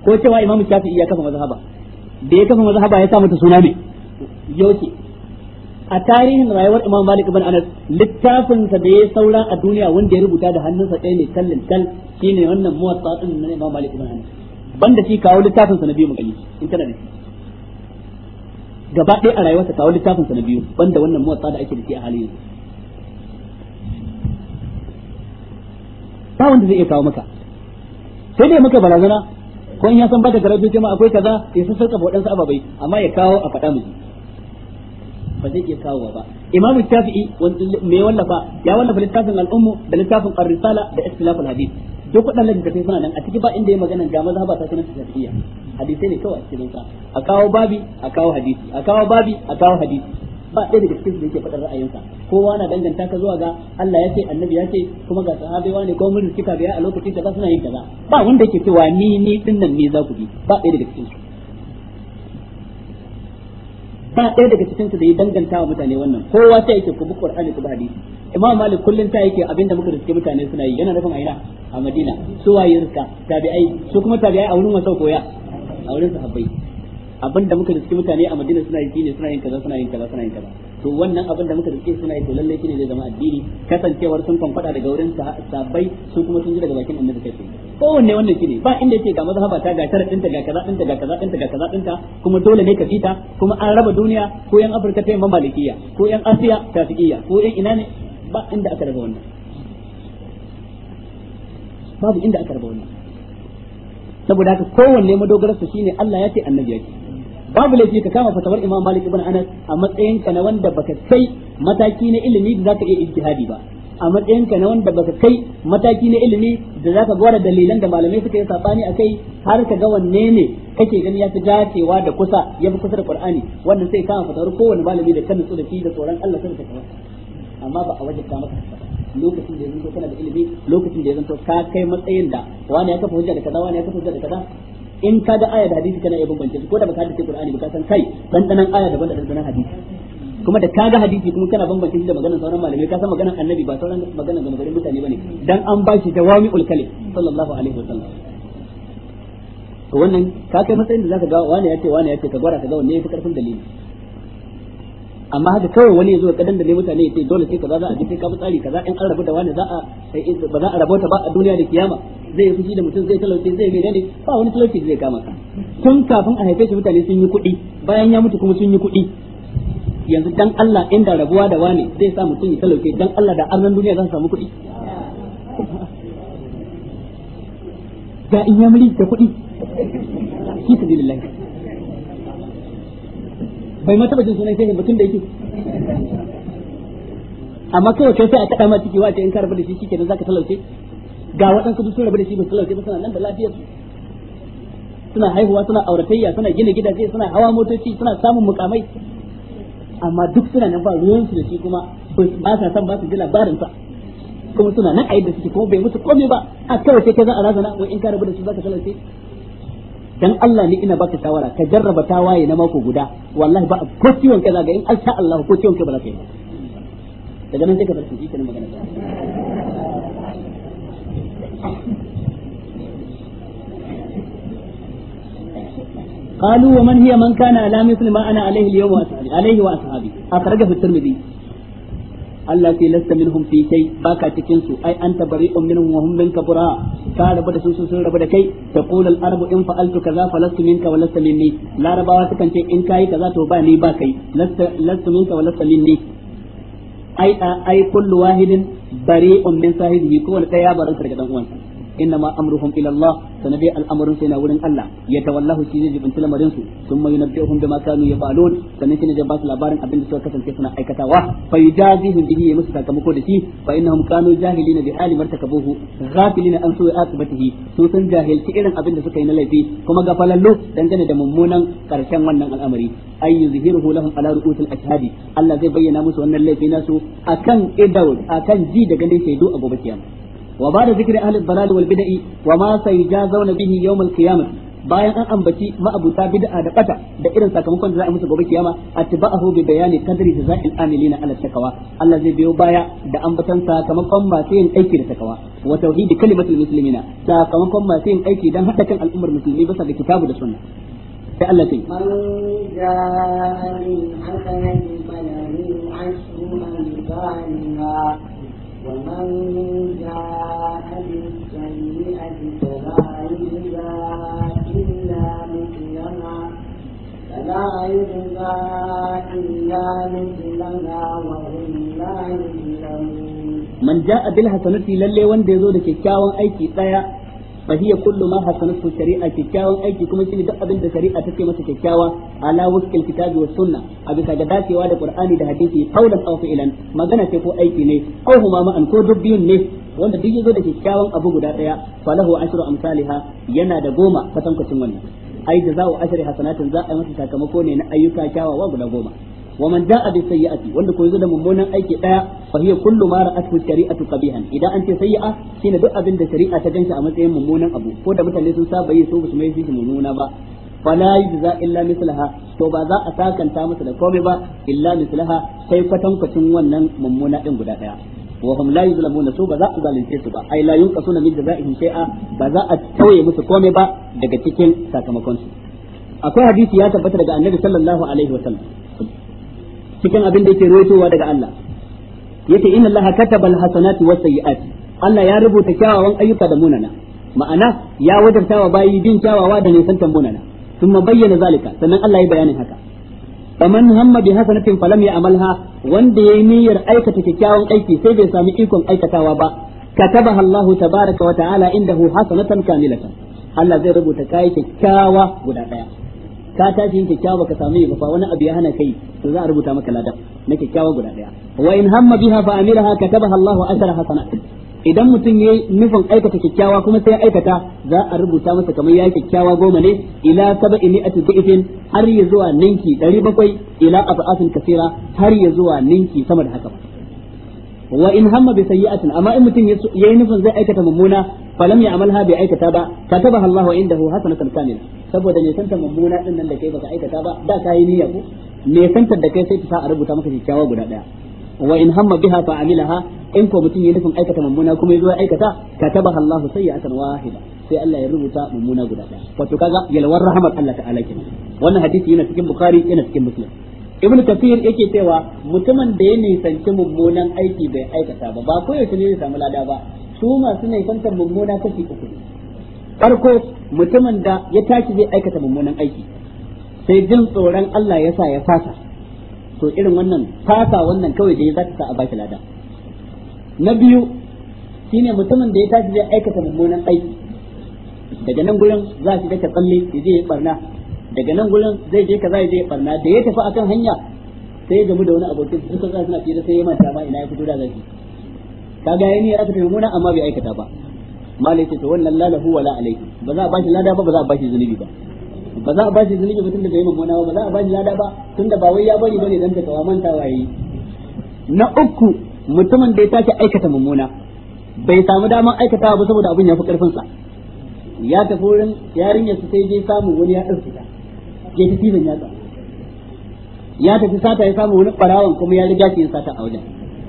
ko cewa imamu shafi'i ya kafa mazhaba da ya kafa mazhaba ya sa mata suna ne yauki a tarihin rayuwar imam malik ibn anas littafin sa da ya saura a duniya wanda ya rubuta da hannunsa ɗaya ne kallin kal shine wannan muwatta din na imam malik ibn anas banda shi kawo littafin sa na biyu magani in kana da shi gaba ɗaya a rayuwarsa kawo littafin sa na biyu banda wannan muwatta da ake da shi a halin yanzu ba wanda zai iya kawo maka sai dai maka barazana ko in ya san baka karatu ce ma akwai kaza ya san sarka waɗansu ababai amma ya kawo a faɗa mu ba zai iya kawo ba imam shafi'i me wallafa ya wallafa littafin al'ummu da littafin ar-risala da ikhtilaf hadith duk waɗannan littafai suna nan a ciki ba inda ya magana ga ba ta sunan shafi'iyya hadisi ne kawai a cikin sa a kawo babi a kawo hadisi a kawo babi a kawo hadisi ba ɗaya daga cikin su yake faɗar ra'ayinsa kowa na danganta ka zuwa ga Allah ya ce annabi ya ce kuma ga sahabewa wani ko mun suka biya a lokacin ba suna yin kaza ba wanda yake cewa ni ni din nan ne za ku bi ba ɗaya daga cikin su ba ɗaya daga cikin su da ya danganta wa mutane wannan kowa sai yake ku bi Qur'ani ku bi hadisi Imam Malik kullun ta yake abinda muka riske mutane suna yi yana nufin aina a Madina su waye riska tabi'ai su kuma tabi'ai a wurin wasau koya a wurin sahabbai abin da muka riski mutane a Madina suna yi shine suna yin kaza suna yin kaza suna yin kaza to wannan abin da muka riski suna yi to lalle shine zai zama addini kasancewar sun kwankwada daga wurin sabai su kuma sun ji daga bakin annabi kai kowanne wannan shine ba inda yake ga mazhaba ta ga sharadin ta ga kaza din ga kaza din ga kaza din kuma dole ne ka fita kuma an raba duniya ko yan Afirka ta yamma malikiya ko yan Asiya tafiqiya ko yan ina ne ba inda aka raba wannan babu inda aka raba wannan saboda haka kowanne madogararsa shine Allah ya ce annabi ya ce babu laifi ka kama fatawar Imam Malik ibn Anas a matsayin ka na wanda baka kai mataki na ilimi da zaka iya ijtihadi ba a matsayin ka na wanda baka kai mataki na ilimi da zaka gwada dalilan da malamai suka yi sabani akai har ka ga wanne ne kake ganin ya fi dacewa da kusa ya fi kusa da Qur'ani wannan sai kama fatawar kowanne malami da kan da shi da tsoron Allah sai ka kama amma ba a wajen ka maka lokacin da ya zanto kana da ilimi lokacin da ya zanto ka kai matsayin da wani ya kafa hujja da kaza wani ya kafa hujja da kaza in ka ga aya da hadisi kana iya bambance su ko da baka hadisi Qur'ani ka san kai dan aya da banda dan hadisi kuma da ka ga hadisi kuma kana bambance shi da maganar sauran malamai ka san maganar annabi ba sauran maganar da magarin mutane bane dan an ba shi ul kalim sallallahu alaihi wasallam to wannan ka kai matsayin da zaka ga wani yace wani yace ka gwara ka ga wanne yafi karfin dalili amma haka kawai wani ya kadan da ne mutane ya dole sai kaza za a ji kafin tsari kaza in an rabu da wani za a ba za a rabota ba a duniya da kiyama zai yi fushi da mutum zai talauce zai mai dade ba wani talauce zai kama ka tun kafin a haife shi mutane sun yi kuɗi bayan ya mutu kuma sun yi kuɗi yanzu dan Allah inda rabuwa da wani zai sa mutum ya talauce dan Allah da arnan duniya za su samu kuɗi ga in ya muli da kuɗi kisa sabilillahi bai ma taba jin sunan shehin mutum da yake amma kawai kai sai a kada ma ciki wace in ka rabu da shi shikenan zaka talauce ga waɗansu duk sun rabu da shi ba talauce ba suna nan da lafiyar su suna haihuwa suna auratayya suna gina gidaje suna hawa motoci suna samun mukamai amma duk suna nan ba ruwan su da shi kuma ba sa san ba su ji labarin sa kuma suna nan a yadda suke kuma bai musu komai ba a kawai sai ka za a razana wai in ka rabu da shi zaka talauce dan Allah ne ina baka shawara ka jarraba tawaye na mako guda wallahi ba ko ciwon kai zaga in insha Allah ko ciwon ba za ka yi daga nan magana قالوا ومن هي من كان على مثل ما انا عليه اليوم عليه واصحابي اخرجه الترمذي Allah ce lasta minhum fi kai baka cikin su ai anta bari'un minhum wa hum minka bara ka rabu da su sun rabu da kai ta qulal arabu in fa'altu kaza fa lasta minka wa lasta minni larabawa kan ce in kai kaza to ba ni ba kai lasta lasta minka wa lasta minni ai ai kullu wahidin bari'un min sahibihi kowanne ɗaya ya bar daga dan uwansa innama amruhum ila Allah sanade al'amarin sai na wurin Allah ya tawallahu shi zai jibinci lamarin su thumma yunabbi'uhum bima kanu yafalun sannan shi ne zai ba su labarin abin da suka kasance suna aikatawa fa yujazihum bihi ya musu sakamako da shi fa innahum kanu jahilina bi hali martakabuhu ghafilina an su'i aqibatihi su sun jahilci irin abin da suka yi na laifi kuma ga gafalallu dangane da mummunan karshen wannan al'amari ay yuzhiruhu lahum ala ru'usil ashhadi Allah zai bayyana musu wannan laifi nasu akan idau akan ji da ganin shaidu a gobe kiyama wa ba da zikirin ahlul balal wal bid'i wa ma sayjazawna bihi yawm al qiyamah bayan an ambaci ma'abuta bid'a da bata da irin sakamakon da za a musu gobe kiyama atba'ahu bi bayani qadri jazail amilina ala takawa Allah zai biyo baya da ambatan sakamakon masu yin aiki da takawa wa tauhidi kalimatul muslimina sakamakon masu yin aiki dan hada kan al'ummar musulmi bisa da kitabu da sunna sai Allah ya yi ومن جاء بالسيئة فلا يجزى إلا مثلها فلا يجزى إلا مثلها وهم لا يظلمون من جاء بالحسنة للي وندي كاوان كيكاوان أيكي bahiya hiya kullu ma hasanatu shari'a kikkiawan aiki kuma shine duk abin da shari'a ta take masa kikkiawa ala wukil kitabi was sunna a bisa ga dacewa da qur'ani da hadisi qaulan aw fi'lan magana ce ko aiki ne ko huma ma an ko dubbiyun ne wanda duk yazo da kikkiawan abu guda daya falahu ashru amsalha yana da goma kwatankwacin wannan ai jaza'u ashri hasanatin za a yi masa sakamako ne na ayyuka kyawawa guda goma wa man jaa bi sayyi'ati wanda ko yazo da mummunan aiki ɗaya fa hiya mara ma ra'atu shari'atu qabihan idan an ce sayyi'a shine duk abin da shari'a ta ganshi a matsayin mummunan abu ko da mutane sun saba yi su su mai shi mummuna ba fala yujza illa mislaha to ba za a sakanta masa da komai ba illa mislaha sai kwatankwacin wannan mummuna din guda daya wa hum la yuzlamuna su ba za a zalunce su ba ai la yunqasuna min jazaihim shay'a ba za a tauye musu komai ba daga cikin sakamakonsu. akwai hadisi ya tabbata daga annabi sallallahu cikin abin da yake wa daga Allah yace inna Allah kataba al-hasanati was sayyi'ati Allah ya rubuta kyawawan ayyuka da munana ma'ana ya wa bayi bin kyawawa da nisantan munana thumma bayyana zalika sannan Allah ya bayanin haka faman hamma bi hasanatin falam ya'malha wanda yayi niyyar aikata kyakkyawan aiki sai bai sami ikon aikatawa ba katabaha Allah tabaaraka wa ta'ala indahu hasanatan kamilatan Allah zai rubuta kai kyakkyawa guda ɗaya. ka tashi yin kyakkyawa baka samu ba fa wani abu ya hana kai to za a rubuta maka ladan na kyakkyawa guda daya wa in hamma biha fa amiraha katabaha Allahu ashara hasanat idan mutum ya nufin aikata kyakkyawa kuma sai aikata za a rubuta masa kamar ya kyakkyawa goma ne ila sab'i mi'ati dhifin har ya zuwa ninki 700 ila afafin kasira har ya zuwa ninki sama da haka wa in hamma bi sayyi'atin amma in mutum yayi nufin zai aikata mummuna falam ya amalha bai aikata ba katabaha Allah wa indahu hasanatan kamila saboda ne santa mummuna din nan da kai baka aikata ba da kai niyya ko ne santa da kai sai ta a rubuta maka kyakkyawa guda daya wa in hamma biha fa amilaha in ko mutum yayi nufin aikata mummuna kuma yazo ya aikata katabaha Allah sayyi'atan wahida sai Allah ya rubuta mummuna guda daya wato kaga yalwar rahmat Allah ta'ala kenan wannan hadisi yana cikin bukhari yana cikin muslim ibnu kafir yake cewa mutumin da ya nisanci mummunan aiki bai aikata ba ba ko yaushe ne zai samu lada ba su masu nisantar mummuna kashi uku ne farko mutumin da ya tashi zai aikata mummunan aiki sai jin tsoron Allah ya sa ya fasa to irin wannan fasa wannan kawai da ya zaka sa a baki lada na biyu shine mutumin da ya tashi zai aikata mummunan aiki daga nan gurin za shi da tsalle ya je ya barna daga nan gurin zai je kaza zai barna da ya tafi akan hanya sai gamu da wani abokin su suka suna fiye sai ya manta ma ina ya fito da zaki kaga yayin ya aka tafi muna amma bai aikata ba malai ce to wannan lalahu wala alaihi ba za a bashi lada ba ba za a bashi zunubi ba ba za a bashi zunubi ba tunda bai mummuna ba ba za a bashi lada ba tunda ba wai ya bari bane dan ta kawo manta waye na uku mutumin da ya tashi aikata mummuna bai samu daman aikata ba saboda abin ya fi karfin sa ya tafi wurin yarinyar su sai je samu wani ya ɗauke ta ya ta cizon yatsa ya tafi sata ya samu wani barawan kuma ya riga shi sata a wajen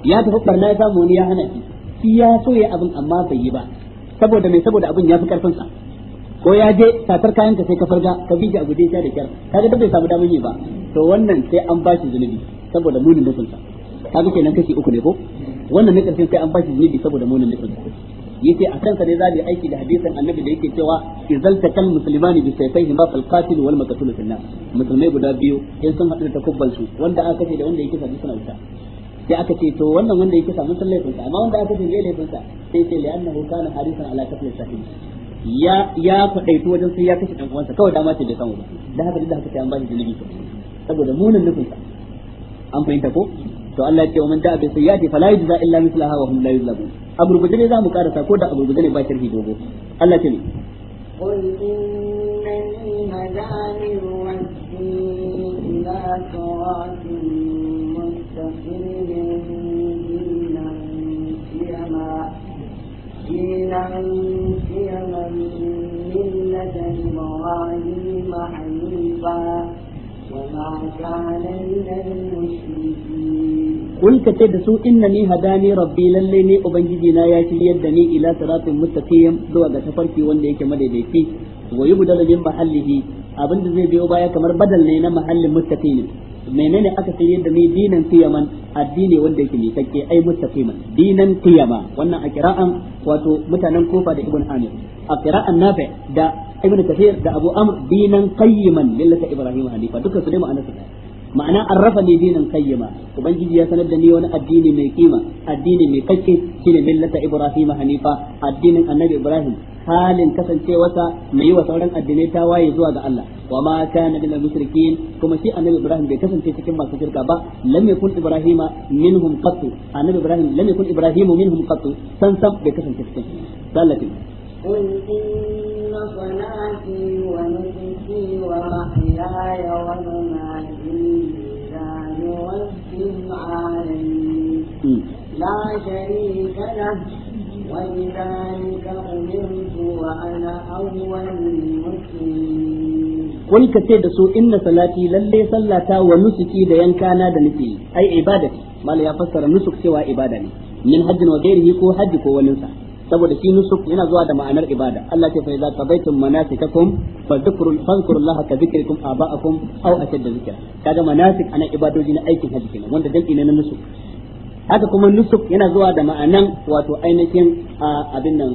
ya tafi barna ya samu wani ya hana shi shi ya so ya abin amma bai yi ba saboda mai saboda abin ya fi karfin sa ko ya je satar kayan ka sai ka farga ka bi a guje da kyar kaga da bai samu damar yi ba to wannan sai an bashi zunubi saboda munin nufin sa kaga kenan kashi uku ne ko wannan ne karshen sai an bashi zunubi saboda munin nufin sa yace a kansa ne za mu aiki da hadisin annabi da yake cewa izal takal muslimani bi sayfayhi ma fal qatil wal maqtul fil nar musulmai guda biyu in sun hadu da takubban su wanda aka ce da wanda yake sabi suna wuta sai aka ce to wannan wanda yake sabi sun laifin sa amma wanda aka ce zai laifin sa sai ce li'annahu kana harisan ala qatl sahib ya ya fadaitu wajen sai ya kashe dan uwansa kawai dama ce bai samu ba dan haka duk da haka sai an ba shi zunubi saboda munin nufin sa an fahimta ko to Allah ya ce man da'a bi sayyati fala yujza illa mithlaha wa hum la yuzlamun aburguje ne zamu karasa ko da aburguje ne ba sharhi dogo Allah ce ne قل إنني هداني ربي إلى صراط مستقيم دينا قيما دينا ملة إبراهيم حنيفا kun ka ce da su inna ni hadani rabbi lalle ne ubangiji na ya shiryar da ni ila siratin mustaqim zuwa ga tafarki wanda yake madaidaici wa yubdalu min mahallihi abinda zai biyo baya kamar badal ne na mahallin mustaqim menene aka sai yadda mai dinan qiyaman addini wanda yake miƙaƙe ai mustaqiman dinan qiyama wannan a kira'an wato mutanen kofa da ibn amir a kira'an nafi da ibn kafir da abu amr dinan qayyiman lillata ibrahim hanifa dukkan su dai ma'ana su ma'ana arrafa rafa ne dinan qayyima ubangiji ya sanar da ni wani addini mai kima addini mai kakke shine millata ibrahim hanifa addinin annabi ibrahim halin kasancewarsa mai yi wa sauran addinai ta waye zuwa ga Allah wa ma kana min al kuma shi annabi Ibrahim bai kasance cikin masu shirka ba lam yakun Ibrahim minhum annabi Ibrahim lam yakun minhum san san bai kasance cikin sallati ولذلك أمرت وأنا أول المسلمين قل كتير دسو إن صلاتي للي صلاتا ونسكي ديان كان دنسي أي عبادتي ما لا يفسر نسك سوى عبادتي من حج وغيره كو حج كو saboda shi nusuk yana zuwa da ma'anar ibada Allah ce fa idza qadaytum manasikakum fadhkuru ka dhikrikum aba'akum aw ashadda dhikra kaga manasik ana ibadoji na aikin hajji kenan wanda danki ne na nusuk haka kuma nusuk yana zuwa da ma'anan wato ainihin abin nan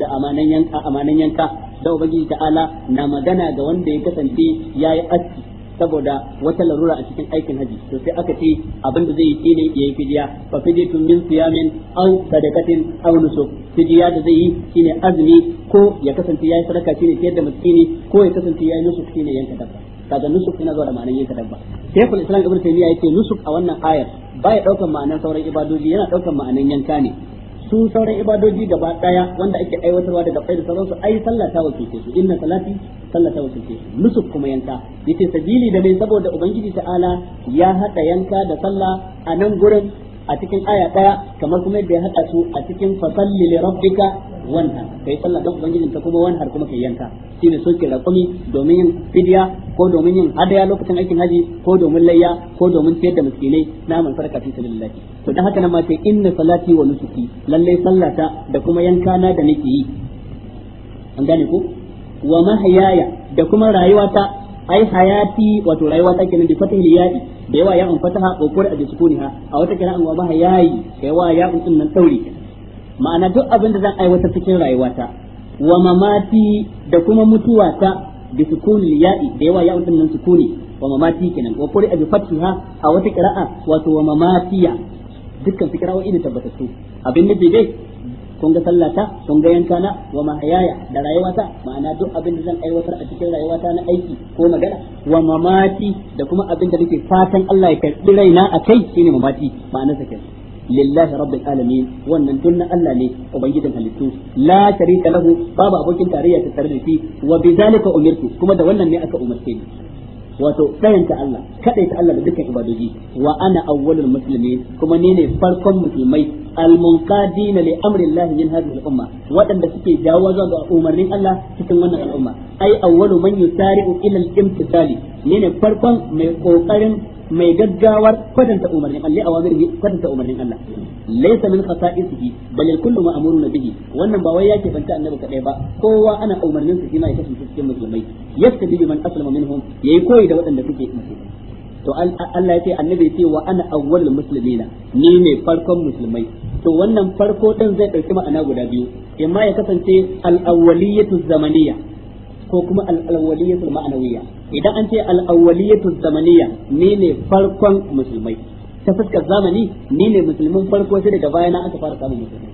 da amanan yanka amanan yanka da ubangiji ta'ala na magana ga wanda ya kasance yayi aski saboda wata larura a cikin aikin haji to sai aka ce abin da zai yi shine yayi fidiya fa fidiyatun min siyamin aw sadaqatin aw nusuk fidiya da zai yi shine azumi ko ya kasance yayi sadaka shine ciyar da miskini ko ya kasance yayi nusuk shine yanka dabba kaga nusuk yana zuwa da ma'anan yanka dabba shaykhul islam ibnu taymiya yake nusuk a wannan ayar baya daukan ma'anar sauran ibadoji yana daukan ma'anar yanka ne su sauran ibadoji gaba daya wanda ake aiwatarwa daga kai da sauransu ai sallah ta wakilce su inna salati sallah ta wakilce su musu kuma yanka yace sabili da mai saboda ubangiji ta'ala ya hada yanka da sallah a nan gurin a cikin aya daya kamar kuma yadda ya hada su a cikin fasalli li rabbika wanha kai sallah dan ubangijin ta kuma wanhar kuma kai yanka shine soke rakumi domin yin fidiya ko domin yin hadaya lokacin aikin haji ko domin layya ko domin ciyar da miskinai naman farka fi sabilillah to dan haka nan ma sai inna salati wa nusuki lalle sallata da kuma yanka na da nake yi an gane ko wa mahayaya da kuma rayuwata ai hayati wato rayuwa take kenan da fatihil ya'i da yawa ya'un fataha kokori a a ha a wata kira an wa yayi da yawa ya din nan tauri ma'ana duk abin da zan aiwata cikin rayuwata wa mamati da kuma mutuwa ta sukuni ya'i da yawa ya din nan sukuni wa mamati kenan kokori kore a bifatiha a wata kira'a wato wa mamatiya dukkan su kira'o'i ne tabbatattu abin da nufi dai kun ga sallata sun ga na wa mahayaya da rayuwata ma'ana duk abin da zan aiwatar a cikin rayuwata na aiki ko magana wa mamati da kuma abin da nake fatan Allah ya karbi raina a kai shine mamati ma'ana sa kenan lillahi rabbil alamin wannan duk na Allah ne ubangijin halittu la sharika lahu babu abokin tarayya ta tare da shi wa bizalika umirtu kuma da wannan ne aka umarce ni wato tsayin ta Allah kadai ta Allah da dukkan ibadoji wa ana awwalul muslimin kuma ni ne farkon musulmai almunqadina li amri Allah min hadhihi al-umma waɗanda suke jawo zuwa ga umarnin Allah cikin wannan al'umma ai awwalu man yusari'u ila al-imtisali ni ne farkon mai kokarin mai gaggawar kwatanta umarnin Allah awamirihi kwatanta umarnin Allah laysa min khasa'isihi bal kullu ma'muruna bihi wannan ba wai yake banta annabi kadai ba kowa ana umarnin su kima ya kasance cikin musulmai yastabi man aslama minhum yayi koyi da wadanda suke musulmai to Allah ya annabi ya ce wa ana awwalul muslimina ni ne farkon musulmai to wannan farko din zai dauki ma'ana guda biyu imma ya kasance al-awwaliyatu zamaniyya ko kuma al-awwaliyatu ma'anawiyya idan an ce al-awwaliyatu zamaniyya ni ne farkon musulmai ta fuskar zamani ni ne musulmin farko sai daga baya na aka fara samun musulmai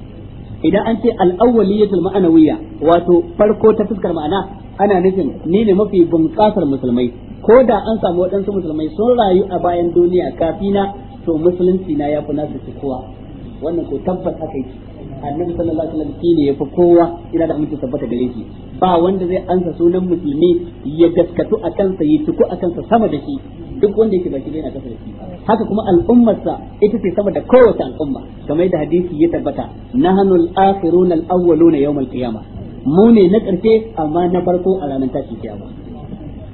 idan an ce al-awwaliyatu ma'anawiyya wato farko ta fuskar ma'ana ana nufin ni ne mafi bunƙasar musulmai ko da an samu waɗansu musulmai sun rayu a bayan duniya kafina to musulunci na ya fi nasu kowa wannan ko tabbas haka yake annabi sallallahu alaihi wasallam shine yafi kowa ina da aminci tabbata gare shi ba wanda zai ansa sunan musulmi ya gaskatu a kansa ya tuku a kansa sama da shi duk wanda yake baki yana kasa da shi haka kuma al'ummarsa ita ce sama da kowace al'umma kamar yadda hadisi ya tabbata nahnu al-akhiruna al-awwaluna yawm al-qiyamah mu ne na karshe amma na farko a ranar tashi kiyama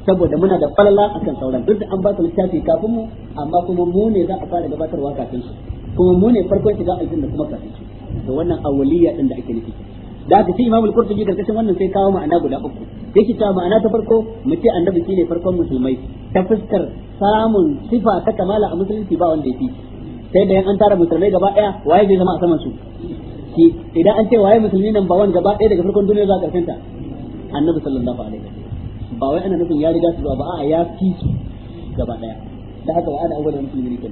saboda muna da falala akan sauran duk da an ba su littafi kafin mu amma kuma mu ne za a fara gabatarwa kafin shi. kuma mu ne farkon shiga aljanna kuma kafin shi. to wannan awliya din da ake nufi da aka ce imamul qurtubi kace wannan sai kawo ma'ana guda uku yake ta ma'ana ta farko mu ce annabi shine farkon musulmai ta fuskar samun sifa ta kamala a musulunci ba wanda yake sai da an tara musulmai gaba daya waye zai zama a saman su shi idan an ce waye musulmi nan ba wani gaba daya daga farkon duniya zuwa karshen ta annabi sallallahu alaihi wasallam ba wai ana nufin ya riga su zuwa ba a'a ya fi su gaba daya da haka an gwada musulmi ne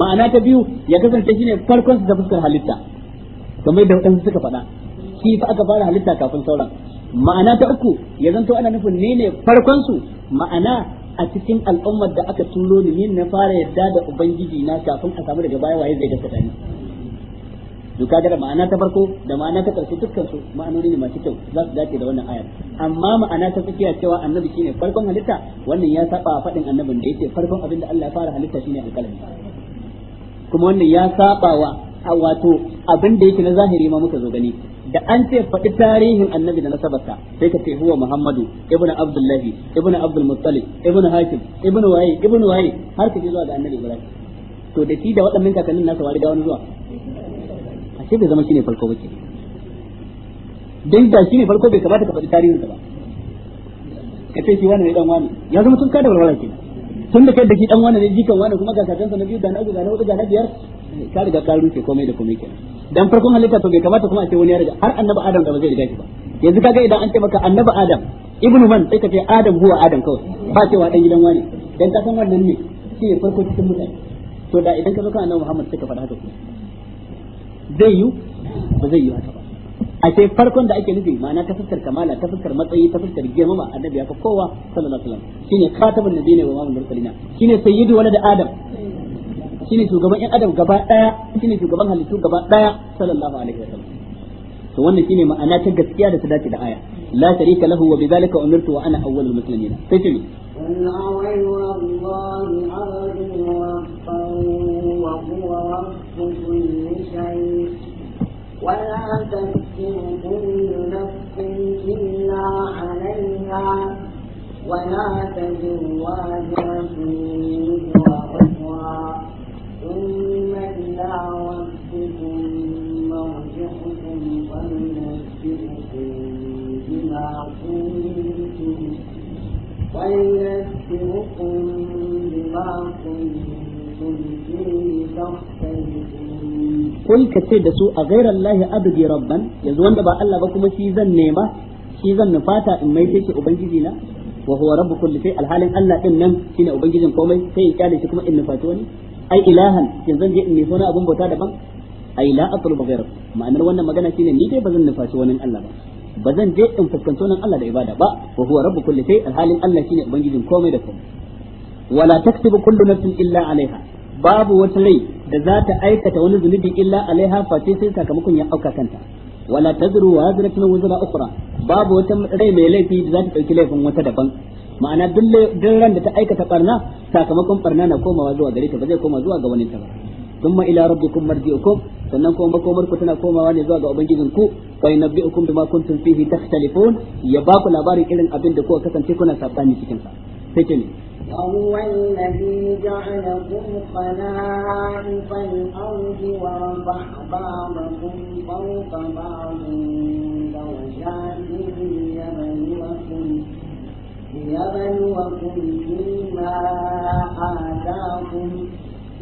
ma'ana ta biyu ya kasance shine farkon su ta fuskar halitta kamar yadda wadansu suka faɗa shi fa aka fara halitta kafin sauran ma'ana ta uku ya zanto ana nufin ne ne farkon su ma'ana a cikin al'ummar da aka turo ni na fara yadda da ubangiji na kafin a samu daga baya waye zai gaskata ni duka da ma'ana ta farko da ma'ana ta karshe dukkan su ma'anoni ne masu kyau za su dace da wannan ayar amma ma'ana ta tsakiya cewa annabi shine farkon halitta wannan ya saba faɗin annabin da yake farkon abin da Allah ya fara halitta shine alƙalami kuma wannan ya saba wa wato abin da yake na zahiri ma muka zo gani da an ce faɗi tarihin annabi da nasabarsa sai ka ce huwa muhammadu ibnu abdullahi ibnu abdul muttalib ibnu hakim ibnu waye ibnu waye har ka je zuwa ga annabi ibrahim to da shi da waɗannan kakannin nasa wari da wani zuwa a ashe bai zama shine farko bace dan da shine farko bai kamata ka faɗi tarihin sa ba ka ce shi wani ne dan wani ya zama tun ka da walwala kenan tun da kai da shi dan wani ne jikan wani kuma gagatan sa na biyu da na uku da na hudu da na biyar ka riga ka rufe komai da komai ke dan farkon halitta to bai kamata kuma a ce wani ya riga har annabi adam da ba zai riga shi ba yanzu kaga idan an ce maka annabi adam ibnu man sai ka ce adam huwa adam kawai ba cewa dan gidan wani dan ka san wannan ne shi ne farko cikin mutane to da idan ka zo kan annabi Muhammad sai ka faɗa haka zai yi ba zai yi haka ba a ce farkon da ake nufi ma'ana ta fuskar kamala ta fuskar matsayi ta fuskar girmama annabi ya fa kowa sallallahu alaihi wasallam shine khatabun ne wa mamun mursalina shine sayyidu walad adam shine shugaban yan adam gaba daya shine shugaban halittu gaba daya sallallahu alaihi wasallam to wannan shine ma'ana ta gaskiya da ta dace da aya la sharika lahu wa bidhalika umirtu wa ana awwalul muslimin sai ce ولا كل نفس إلا عليها ولا تزر وازرة وزر ثم إلى ربكم مرجعكم بما كنتم بما كنتم kul ka ce da su a gairar lahi abdi rabban yanzu wanda ba Allah ba kuma shi zan nema shi zan na fata in mai take ubangiji na wa huwa rabbu kulli shay alhalin Allah din nan shine ubangijin komai sai in kyale shi kuma in nufata wani ai ilahan yanzu je in nemi wani abun bauta daban ai la atlubu ghayra ma'anar wannan magana shine ni dai bazan nufaci wani Allah ba bazan je in fuskanci wani Allah da ibada ba wa huwa rabbu kulli shay alhalin Allah shine ubangijin komai da komai wala taktubu kullu nafsin illa alaiha babu wata rai da za ta aikata wani zunubi illa alaiha face sai sakamakon ya auka kanta wala tazru wa hazratun ukhra babu wata rai mai laifi da za ta dauki laifin wata daban ma'ana duk ran da ta aikata barna sakamakon barna na komawa zuwa gare ta ba zai koma zuwa ga wani ta ba ثم إلى ربكم sannan kuma makomarku tana komawa ne zuwa ga ubangijin ku fa yunabbi'ukum bima kuntum fihi takhtalifun ya baku labarin irin abin da kuka kasance kuna sabani cikin sa تجني وهو الذي جعلكم خلائف الأرض ورفع بعضكم فوق بعض درجات ليبلوكم ليبلوكم فيما آتاكم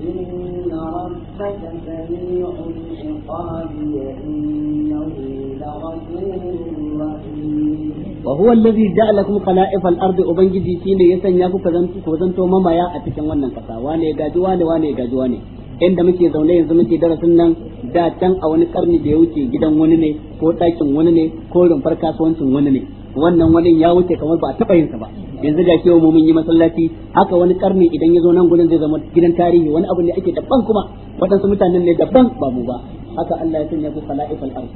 إن ربك سريع العقاب إنه لغفور رحيم wa huwa allazi ja'alakum khala'ifa al-ardi ubangiji shine ya sanya ku kazantu ku zanto mamaya a cikin wannan kasa wane gaji wane wane gaji wane inda muke zaune yanzu muke darasin nan da can a wani karni da ya wuce gidan wani ne ko ɗakin wani ne ko rumfar kasuwancin wani ne wannan wani ya wuce kamar ba a taɓa yinsa ba yanzu da ke mu mun yi masallaci haka wani karni idan ya zo nan gurin zai zama gidan tarihi wani abu ne ake daban kuma waɗansu mutanen ne daban ba mu ba haka Allah ya sanya ku khala'ifal ardh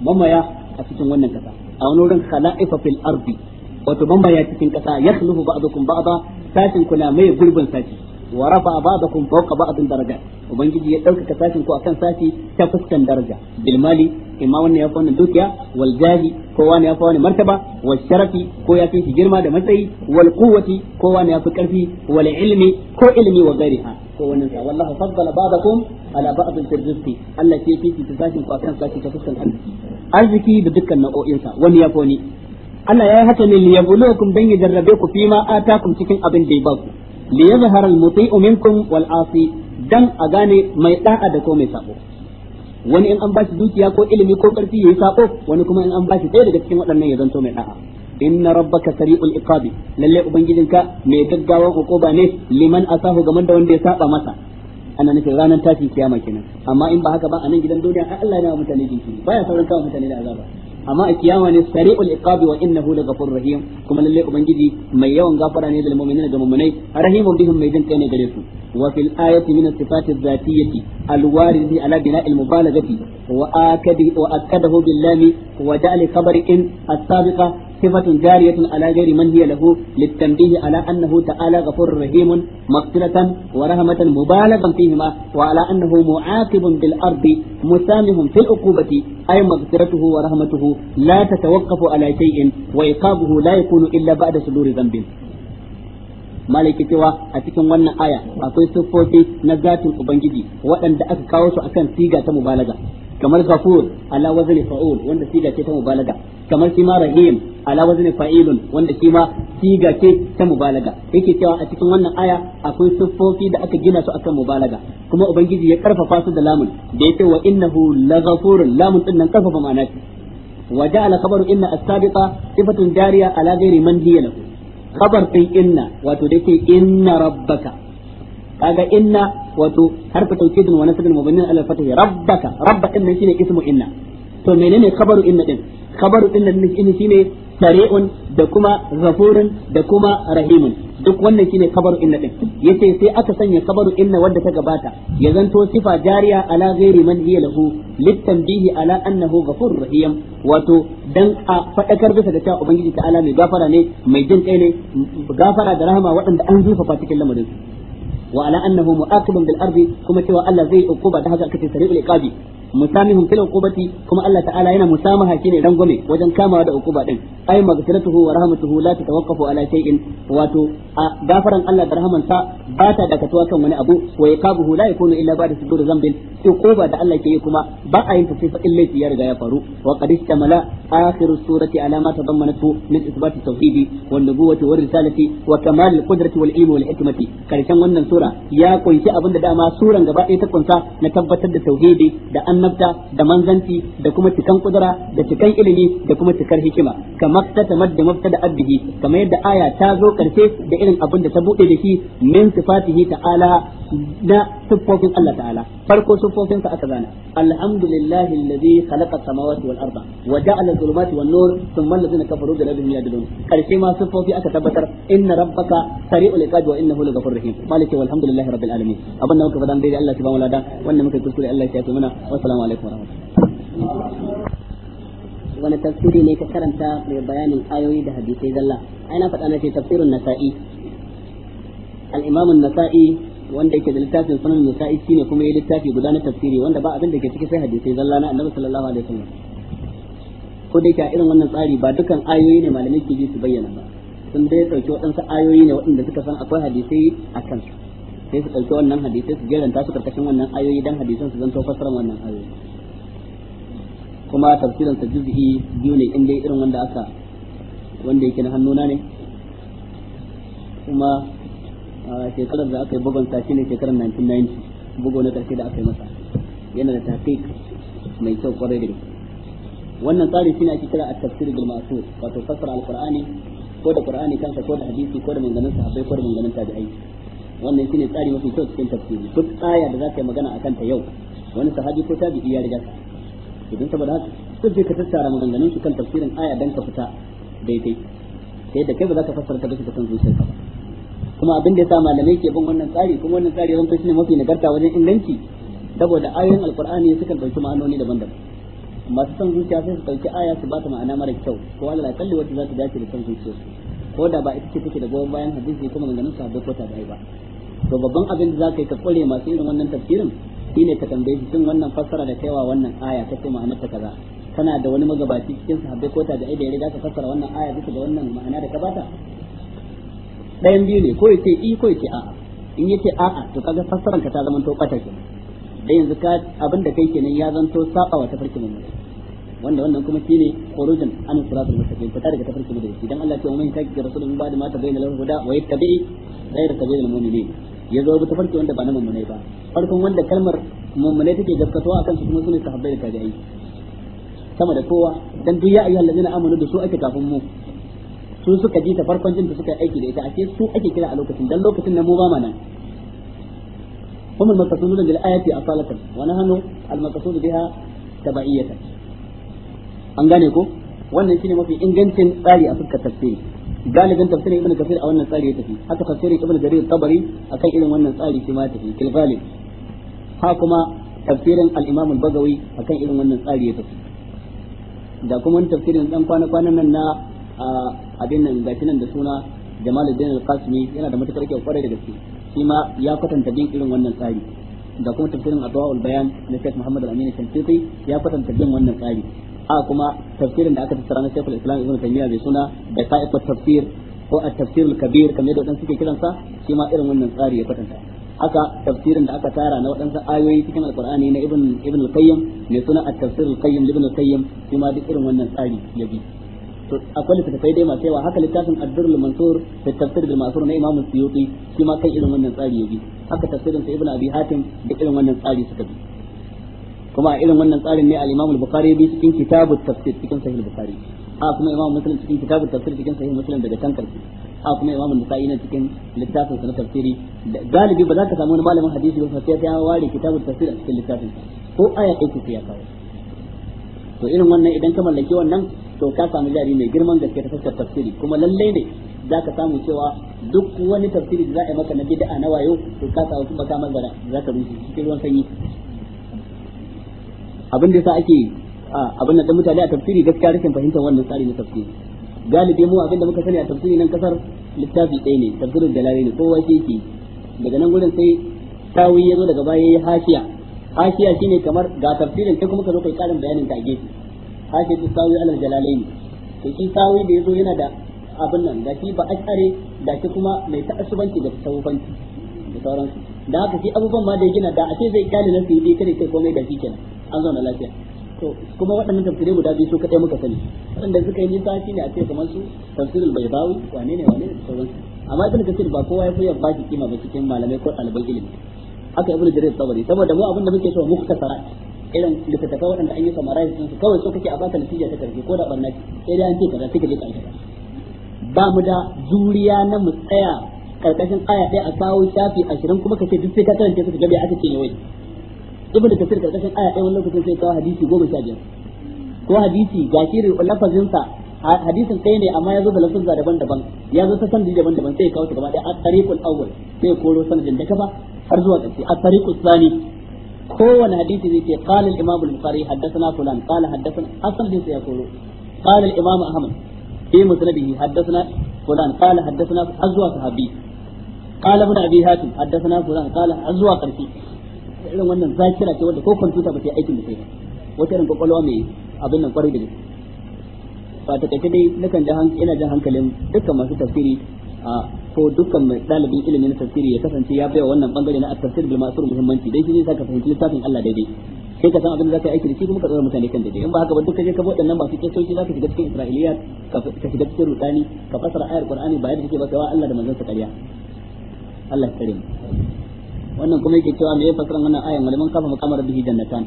mamaya a cikin wannan kasa a wani wurin khala'ifa fil ardi wato bambaya cikin kasa yakhlufu ba'dukum ba'da sashin kuna mai gurbin sashi wa rafa ba'dakum fawqa ba'din daraja ubangiji ya dauka sashin ku akan sashi ta fuskan daraja bil mali imma wannan ya fa wannan dukiya wal jahi ko wani ya fa wani martaba wal sharafi ko ya fi girma da matsayi wal quwwati ko wani ya fi karfi wal ilmi ko ilmi wa ghairiha ko wannan sa wallahu faddala ba'dakum ala ba'd fil rizqi Allah ke fi sashin ku akan sashi ta fuskan arziki arziki da dukkan nau'o'insa wani ya foni Allah ya yi haka ne li yabluwakum dan ya jarrabe ku fi ma atakum cikin abin da ya ba ku li yazhara mutiu minkum wal asi dan a gane mai da'a da ko mai sabo wani in an bashi dukiya ko ilimi ko karfi yayi sabo wani kuma in an bashi sai daga cikin waɗannan ya zanto mai da'a inna rabbaka sari'ul iqabi lalle ubangijinka mai gaggawa ko ba ne liman asahu ga da wanda ya saba masa ana nufin ranar tashin kiyama kenan amma in ba haka ba a nan gidan duniya ai Allah yana mutane jinkiri baya sauran kawo mutane da azaba amma a kiyama ne sari'ul iqabi wa innahu laghafurur rahim kuma lalle ubangiji mai yawan gafara ne da mu'minin da mu'minai rahimun bihim mai jin kai ne gare su wa fil ayati min sifati dhatiyyati alwaridi ala bina'il mubalaghati wa akadahu billahi wa da'al khabari in as-sabiqa صفة جارية على غير من هي له للتنبيه على أنه تعالى غفور رحيم مغفرة ورحمة مبالغا فيهما وعلى أنه معاقب بالأرض مسامح في العقوبة أي مغفرته ورحمته لا تتوقف على شيء وإيقابه لا يكون إلا بعد صدور ذنب malaki cewa a cikin wannan aya akwai siffofi na zatin ubangiji waɗanda aka kawo su akan siga ta mubalaga kamar kafur ala wazni fa'ul wanda siga ce ta mubalaga kamar shi ma rahim ala wazni fa'ilun wanda shi ma siga ce ta mubalaga yake cewa a cikin wannan aya akwai siffofi da aka gina su akan mubalaga kuma ubangiji ya karfafa su da lamun da yake wa innahu laghafurun lamun din nan karfafa ma'ana وجعل خبر إن السابقة صفة ala على man من هي له خبر في إن وتدك inna ربك هذا inna. wato harfa tawkidin wa nasbin mabni ala fath rabbaka rabbakan nan shine ismu inna to menene khabaru inna din khabaru inna din shine sari'un da kuma ghafurun da kuma rahimun duk wannan shine khabaru inna din yace sai aka sanya khabaru inna wanda ta gabata ya zanto sifa jariya ala ghairi man hiya lahu litanbihi ala annahu ghafurur rahim wato dan a fadakar bisa da cewa ubangiji ta'ala mai gafara ne mai jin kai ne gafara da rahama waɗanda an zufafa cikin lamarin wa ala annahu mu'aqibun bil ardi kuma cewa Allah zai ukuba da haka kace sari'ul iqabi musamihum fil uqubati kuma Allah ta'ala yana musamaha shine dan wajen kamawa da uquba din ay maghfiratuhu wa rahmatuhu la tatawaqqafu ala shay'in wato gafaran Allah da sa ba ta dakatuwa kan wani abu wa yaqabuhu la yakunu illa ba'da sudur zambin uquba da Allah ke yi kuma ba a yin ta sai fa ya riga ya faru wa qad istamala akhiru surati ala ma tadammanatu min isbat at-tauhid wan nubuwati war risalati wa kamal al wal ilmi wal hikmati karshen wannan sura ya kunshi abinda dama suran gaba ɗaya ta kunsa na tabbatar da tauhidi da an annabta da manzanci da kuma cikan kudura da cikan ilimi da kuma cikar hikima kamar ta tamad da mafta da abdihi kamar yadda aya ta zo karshe da irin abin da ta bude da shi min sifatihi ta'ala na siffofin Allah ta'ala farko siffofin sa aka zana alhamdulillahi alladhi khalaqa samawati wal arda wa ja'ala dhulumati wan nur thumma alladhina kafaru bi rabbihim karshe ma siffofi aka tabbatar inna rabbaka sari'ul iqab wa innahu laghafurur rahim maliki walhamdulillahi rabbil alamin abin muka faɗa dai Allah ya ba mu wannan muka kuskure Allah ya alaikum wa rahmatullahi wani tafsiri ne ka karanta mai bayanin ayoyi da hadisai zalla ai na faɗa na ce nasa'i al nasai wanda yake da littafin sunan nisa'i ne kuma ya littafi guda na tafsiri wanda ba abin da ke ciki sai hadisi zalla na annabi sallallahu alaihi wasallam ko da yake irin wannan tsari ba dukan ayoyi ne malamai ke ji su bayyana ba sun dai dauki waɗansu ayoyi ne waɗanda suka san akwai hadisai a kan sai su dauki wannan hadisai su jeranta su karkashin wannan ayoyi dan hadisan su zanto fasaran wannan ayoyi kuma tafsirin sa juz'i biyu ne inda irin wanda aka wanda yake na hannuna ne kuma a shekarar da aka yi bugun sa shine shekarar 1990 bugu na karshe da aka yi masa yana da tafiq mai kyau kwarai da wannan tsari shine ake kira at-tafsir bil ma'sur wato fassara al-qur'ani ko da qur'ani kansa ko da hadisi ko da maganganun sahabbai ko da maganganun tabi'ai wannan shine tsari mafi kyau cikin tafsiri duk aya da za ka yi magana akan ta yau wani sahabi ko tabi'i ya riga idan saboda haka duk da ka tattara maganganun su kan tafsirin aya dan ka fita daidai sai da kai ba za ka fassara ta bisa kan zuciyarka ba kuma abin da yasa malamai ke bin wannan tsari kuma wannan tsari yawanci shine mafi nagarta wajen inganci saboda ayoyin alqur'ani sukan dauki ma'anoni daban-daban masu son zuciya sai su dauki aya su ba ta ma'ana mara kyau ko Allah kalli wacce za ta dace da son su ko da ba ita ce take da goyon bayan hadisi kuma maganganun sahabbai ko tabi'ai ba to babban abin da za ka yi ka kware masu irin wannan tafsirin shine ka tambaye shi shin wannan fassara da kaiwa wannan aya ta ce ma'anar ta kaza kana da wani magabaci cikin sahabbai ko tabi'ai da ya riga ka fassara wannan aya bisa ga wannan ma'ana da ka bata ɗayan biyu ne ko ya ce i ko ya ce a in ya ce a'a to kaga fassaran ka ta zama to kwata ke da yanzu ka abin da kai kenan ya zanto saba wa tafarkin mu wanda wannan kuma shine khurujin an siratul mustaqim ta daga tafarkin mu da shi dan Allah ya ce mun ta ga rasulun ba da ma ta bayyana lahu huda wa yattabi ghayra sabilil mu'minin ya zo tafarki wanda ba na mummunai ba farkon wanda kalmar mummunai take gaskatowa akan su kuma sune sahabbai da tabi'ai sama da kowa dan duk ya ayyuhal ladina amanu da su ake kafin mu su suka ji ta farkon jin da suka aiki da ita ashe su ake kira a lokacin dan lokacin na mu ba ma nan هم المقصودون بالآية أصالة ونحن المقصود بها تبعية an gane ko wannan shine mafi ingancin tsari a fuskar tafsiri galibin tafsirin ibn kafir a wannan tsari ya tafi haka tafsirin ibn jarir tabari akan irin wannan tsari shi ma ya tafi kil ha kuma tafsirin al-imam al-bagawi akan irin wannan tsari ya tafi da kuma tafsirin dan kwana kwanan nan na abin nan gashi nan da suna Jamaluddin Al-Qasimi yana da matukar kyau kwarai da gaske shi ma ya kwatanta bin irin wannan tsari da kuma tafsirin Adwaul Bayan na Sheikh Muhammad Al-Amin Shamsiti ya kwatanta bin wannan tsari a kuma tafsirin da aka tattara na Sheikhul Islam Ibn Taymiyyah mai suna da Sa'iqut Tafsir ko at-tafsir al-kabir kamar yadda wadansu suke kiransa shi ma irin wannan tsari ya kwatanta haka tafsirin da aka tara na waɗansu ayoyi cikin alqur'ani na ibn ibn al-qayyim ne suna at-tafsir al-qayyim ibn al-qayyim shi ma duk irin wannan tsari ya bi akwai littattafai dai masu yawa haka littafin ad-durrul mansur fi tafsir bil ma'thur na imamu suyuti shi ma kai irin wannan tsari yabi haka tafsirin sa ibnu abi hatim da irin wannan tsari suka bi kuma irin wannan tsarin ne al-imamu al-bukhari bi cikin kitabut tafsir cikin sahih al-bukhari a kuma imamu muslim cikin kitabut tafsir cikin sahih muslim daga can karfi a kuma imamu nasa'i na cikin littafin sa na tafsiri galibi ba za ka samu wani malamin hadisi ba sai ya ware kitabut tafsir a cikin littafin ko aya ɗaya ce ya kawo to irin wannan idan ka mallaki wannan to ka samu jari mai girman gaske ta fuskar tafsiri kuma lalle ne za ka samu cewa duk wani tafsiri da za a yi maka na bid'a na wayo to ka samu kuma ka manzara za ka rushe cikin ruwan sanyi abin da sa ake abin da mutane a tafsiri gaskiya rashin fahimtar wannan tsari na tafsiri galibi mu abin da muka sani a tafsiri nan kasar littafi ɗaya ne tafsirin dalali ne kowa shi yake daga nan gurin sai tawi ya zo daga baya ya hashiya hashiya shine kamar ga tafsirin sai kuma ka zo kai karin bayanin ta a gefe haka shi sawi alal jalalaini to shi sawi da yazo yana da abin nan da shi ba ashare da shi kuma mai ta'assubanci da tasawufanci da sauransu da haka shi abubuwan ma da ya gina da a ce zai kyale na fiye kada kai komai da shi kenan an zauna lafiya to kuma waɗannan tafsirai guda biyu su kaɗai muka sani waɗanda suka yi nisa shi ne a ce kamar su tafsirul baydawi wane ne wane ne da sauransu amma ibn kasir ba kowa ya fi yabba shi kima ba cikin malamai ko ɗaliban ilimi haka ibn jarir tabari saboda mu abin da muke so muktasara irin littattafai waɗanda an yi summarize sun su kawai so kake a baka natija ta karfi ko da barna sai dai an ce kaza sai ka je ka aikata ba mu da juriya na mu tsaya karkashin aya ɗaya a kawo shafi ashirin kuma ce duk sai ka karanta su ka gabe aka ce ne wai ibnu kasir karkashin aya ɗaya wani lokacin sai kawo hadisi goma sha biyar ko hadisi gashirin lafazinsa hadisin ɗaya ne amma ya zo da lafuzza daban-daban ya zo ta sanadi daban-daban sai ya kawo su gaba ɗaya a tsarikun awwal sai ya koro sanadin da kafa har zuwa ƙarshe a tsarikun tsani kowane hadisi zai ce qala al-imam al-bukhari haddathana fulan qala haddathana asal din sai ya koro qala al-imam ahmad fi musnadihi haddathana fulan qala haddathana azwa sahabi qala ibn abi hatim haddathana fulan qala azwa qarfi irin wannan zakira ce wanda ko kwamfuta ba ta yi aikin da kai ba wata irin kwakwalwa mai abin nan kwarai da gaske ba ta kace dai nakan ji ina jin hankalin dukkan masu tafsiri ko dukkan mai dalibin ilimin tafsiri ya kasance ya baiwa wannan bangare na at-tafsir bil ma'sur muhimmanci dai shi ne saka fahimci littafin Allah daidai sai ka san abin da zaka yi aiki da shi kuma ka tsara mutane kan daidai in ba haka ba duka je ka bude nan ba su ke sauki zaka shiga cikin Isra'iliya ka shiga cikin rudani ka fasara ayar Qur'ani ba yadda kake ba sai Allah da manzon sa kariya Allah ya kare mu wannan kuma yake cewa me ya fasara wannan ayan malaman kafa makamar bihi jannatan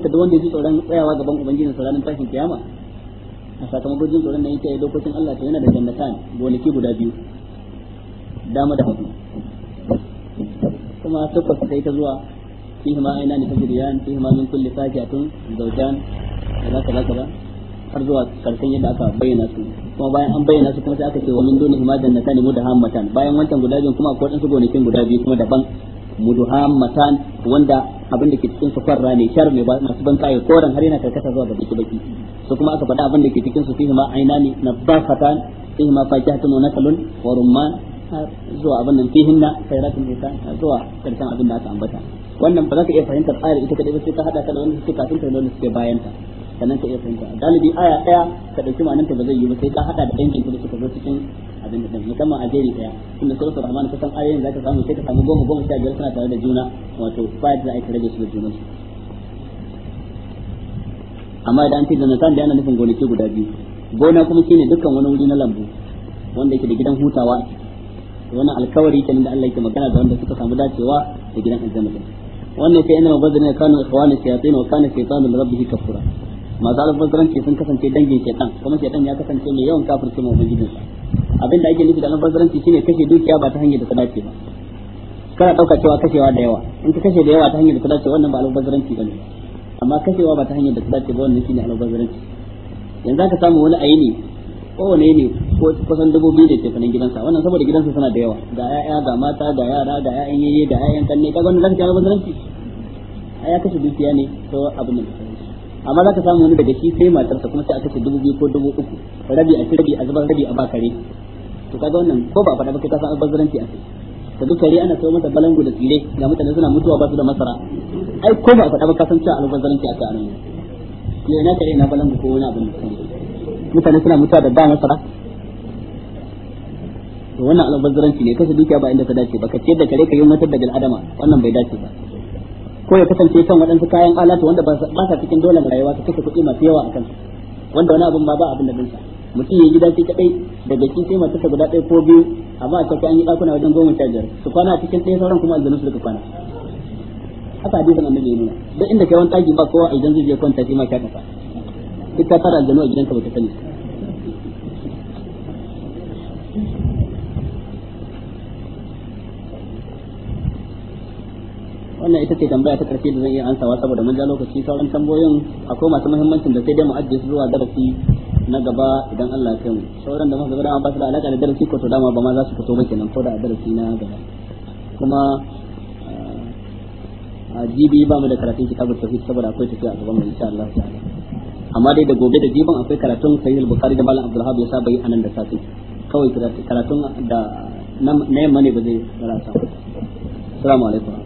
ta da wanda ya ji tsoron tsayawa gaban ubangijin sa ranar tashin kiyama a sakamakon jin tsoron da yake yi dokokin Allah ta yana da jannatan gonaki guda biyu dama da hagu kuma takwas sai ta zuwa fihi ma aina ni tajriyan fihi ma min kulli fakihatun zawjan kaza kaza kaza har zuwa karshen yadda aka bayyana su kuma bayan an bayyana su kuma sai aka ce wa min duni ma jannatan mudhammatan bayan wancan guda biyu kuma akwai wadansu gonakin guda biyu kuma daban mudhammatan wanda abin da ke cikin su kwarra ne shar ne masu ban kai koran har yana karkata zuwa ga baki baki su kuma aka faɗa abin da ke cikin su fi ma aina ne na bafatan fihi ma fakihatun wa nakalun wa rumman zuwa abin nan fihin na khairatun isa zuwa karshen abin da aka ambata wannan ba za ka iya fahimtar ayar ita kadai ba sai ka hada ta da wanda suke kafin ta nuna suke bayan ta sannan ka iya fahimta galibi aya daya ka dauki ma'anarta ba zai yi ba sai ka hada da ɗan da suka zo cikin abin da musamman a jeri daya inda suratul rahman kusan ayoyin zaka samu sai ka samu goma goma sha biyar kana tare da juna wato fayar da aka rage su da juna amma idan an ce janatan da yana nufin gonaki guda biyu gona kuma shine dukkan wani wuri na lambu wanda yake da gidan hutawa wannan alkawari kenan da Allah yake magana da wanda suka samu dacewa da gidan aljanna wannan sai inna mabazana kanu ikhwana shayatin wa kana shaytanu li rabbihi kafura masu albazaranci sun kasance dangin shaitan kuma shaitan ya kasance mai yawan kafirce mai ubangijinsa abin da ake nufi da almubazzaranci shine kashe dukiya ba ta hanyar da ta dace ba kana dauka cewa kashewa da yawa in ka kashe da yawa ta hanyar da ta dace wannan ba almubazzaranci bane amma kashewa ba ta hanyar da ta dace ba wannan shine almubazzaranci yanzu ka samu wani ayini kowane ne kusan dubu biyu da tefanin gidansa wannan saboda gidansa suna da yawa ga 'ya'ya ga mata ga yara ga 'ya'yan yayye ga 'ya'yan kanne kaga wannan zaka ci almubazzaranci ai ya kashe dukiya ne to abin da amma ka samu wani daga shi sai matarsa kuma sai a kashe dubu biyu ko dubu uku rabi a rabi a zubar rabi a bakare to kaga wannan ko ba faɗa ba kai ka san albazaranci a kai ka duk kare ana sayo masa balangu da tsire ga mutane suna mutuwa ba su da masara ai ko ba faɗa ba ka san cewa albazaranci a kai nan ne na kare na balangu ko wani abu ne kan mutane suna mutuwa da ba masara to wannan albazaranci ne kashe dukiya ba inda ta dace ba ka ce da kare ka yi matar da bil adama wannan bai dace ba ko ya kasance kan waɗansu kayan alatu wanda ba sa cikin dole rayuwa ka kashe kuɗi masu yawa a kansu wanda wani abin ma ba abin da binsa mutum ya gida shi kadai daga cikin sai matarsa guda ɗaya ko biyu amma a cikin an yi ɗakuna wajen goma sha biyar su kwana a cikin ɗaya sauran kuma aljanu su duka kwana haka hadisin annabi ya nuna duk inda kai wani ɗaki ba kowa aljanu zai je kwanta shi ma ka kafa duk ta fara aljanu a gidanka ba ta sani wannan ita ce tambaya ta karshe da zan iya ansawa saboda mun ja lokaci sauran tambayoyin akwai masu muhimmancin da sai dai mu ajiye su zuwa darasi na gaba idan Allah ya kaimu sauran da muka ga dama ba su da alaka da darasi ko to dama ba ma za su fito ba kenan ko da darasi na gaba kuma a jibi ba mu da karatun kitabul tauhid saboda akwai tafiya a gaban mu insha Allah ta'ala amma dai da gobe da jiban akwai karatun sayyid al-bukhari da malam abdul ya saba yi anan da safi kawai karatun da na yamma ne ba zai karata assalamu alaikum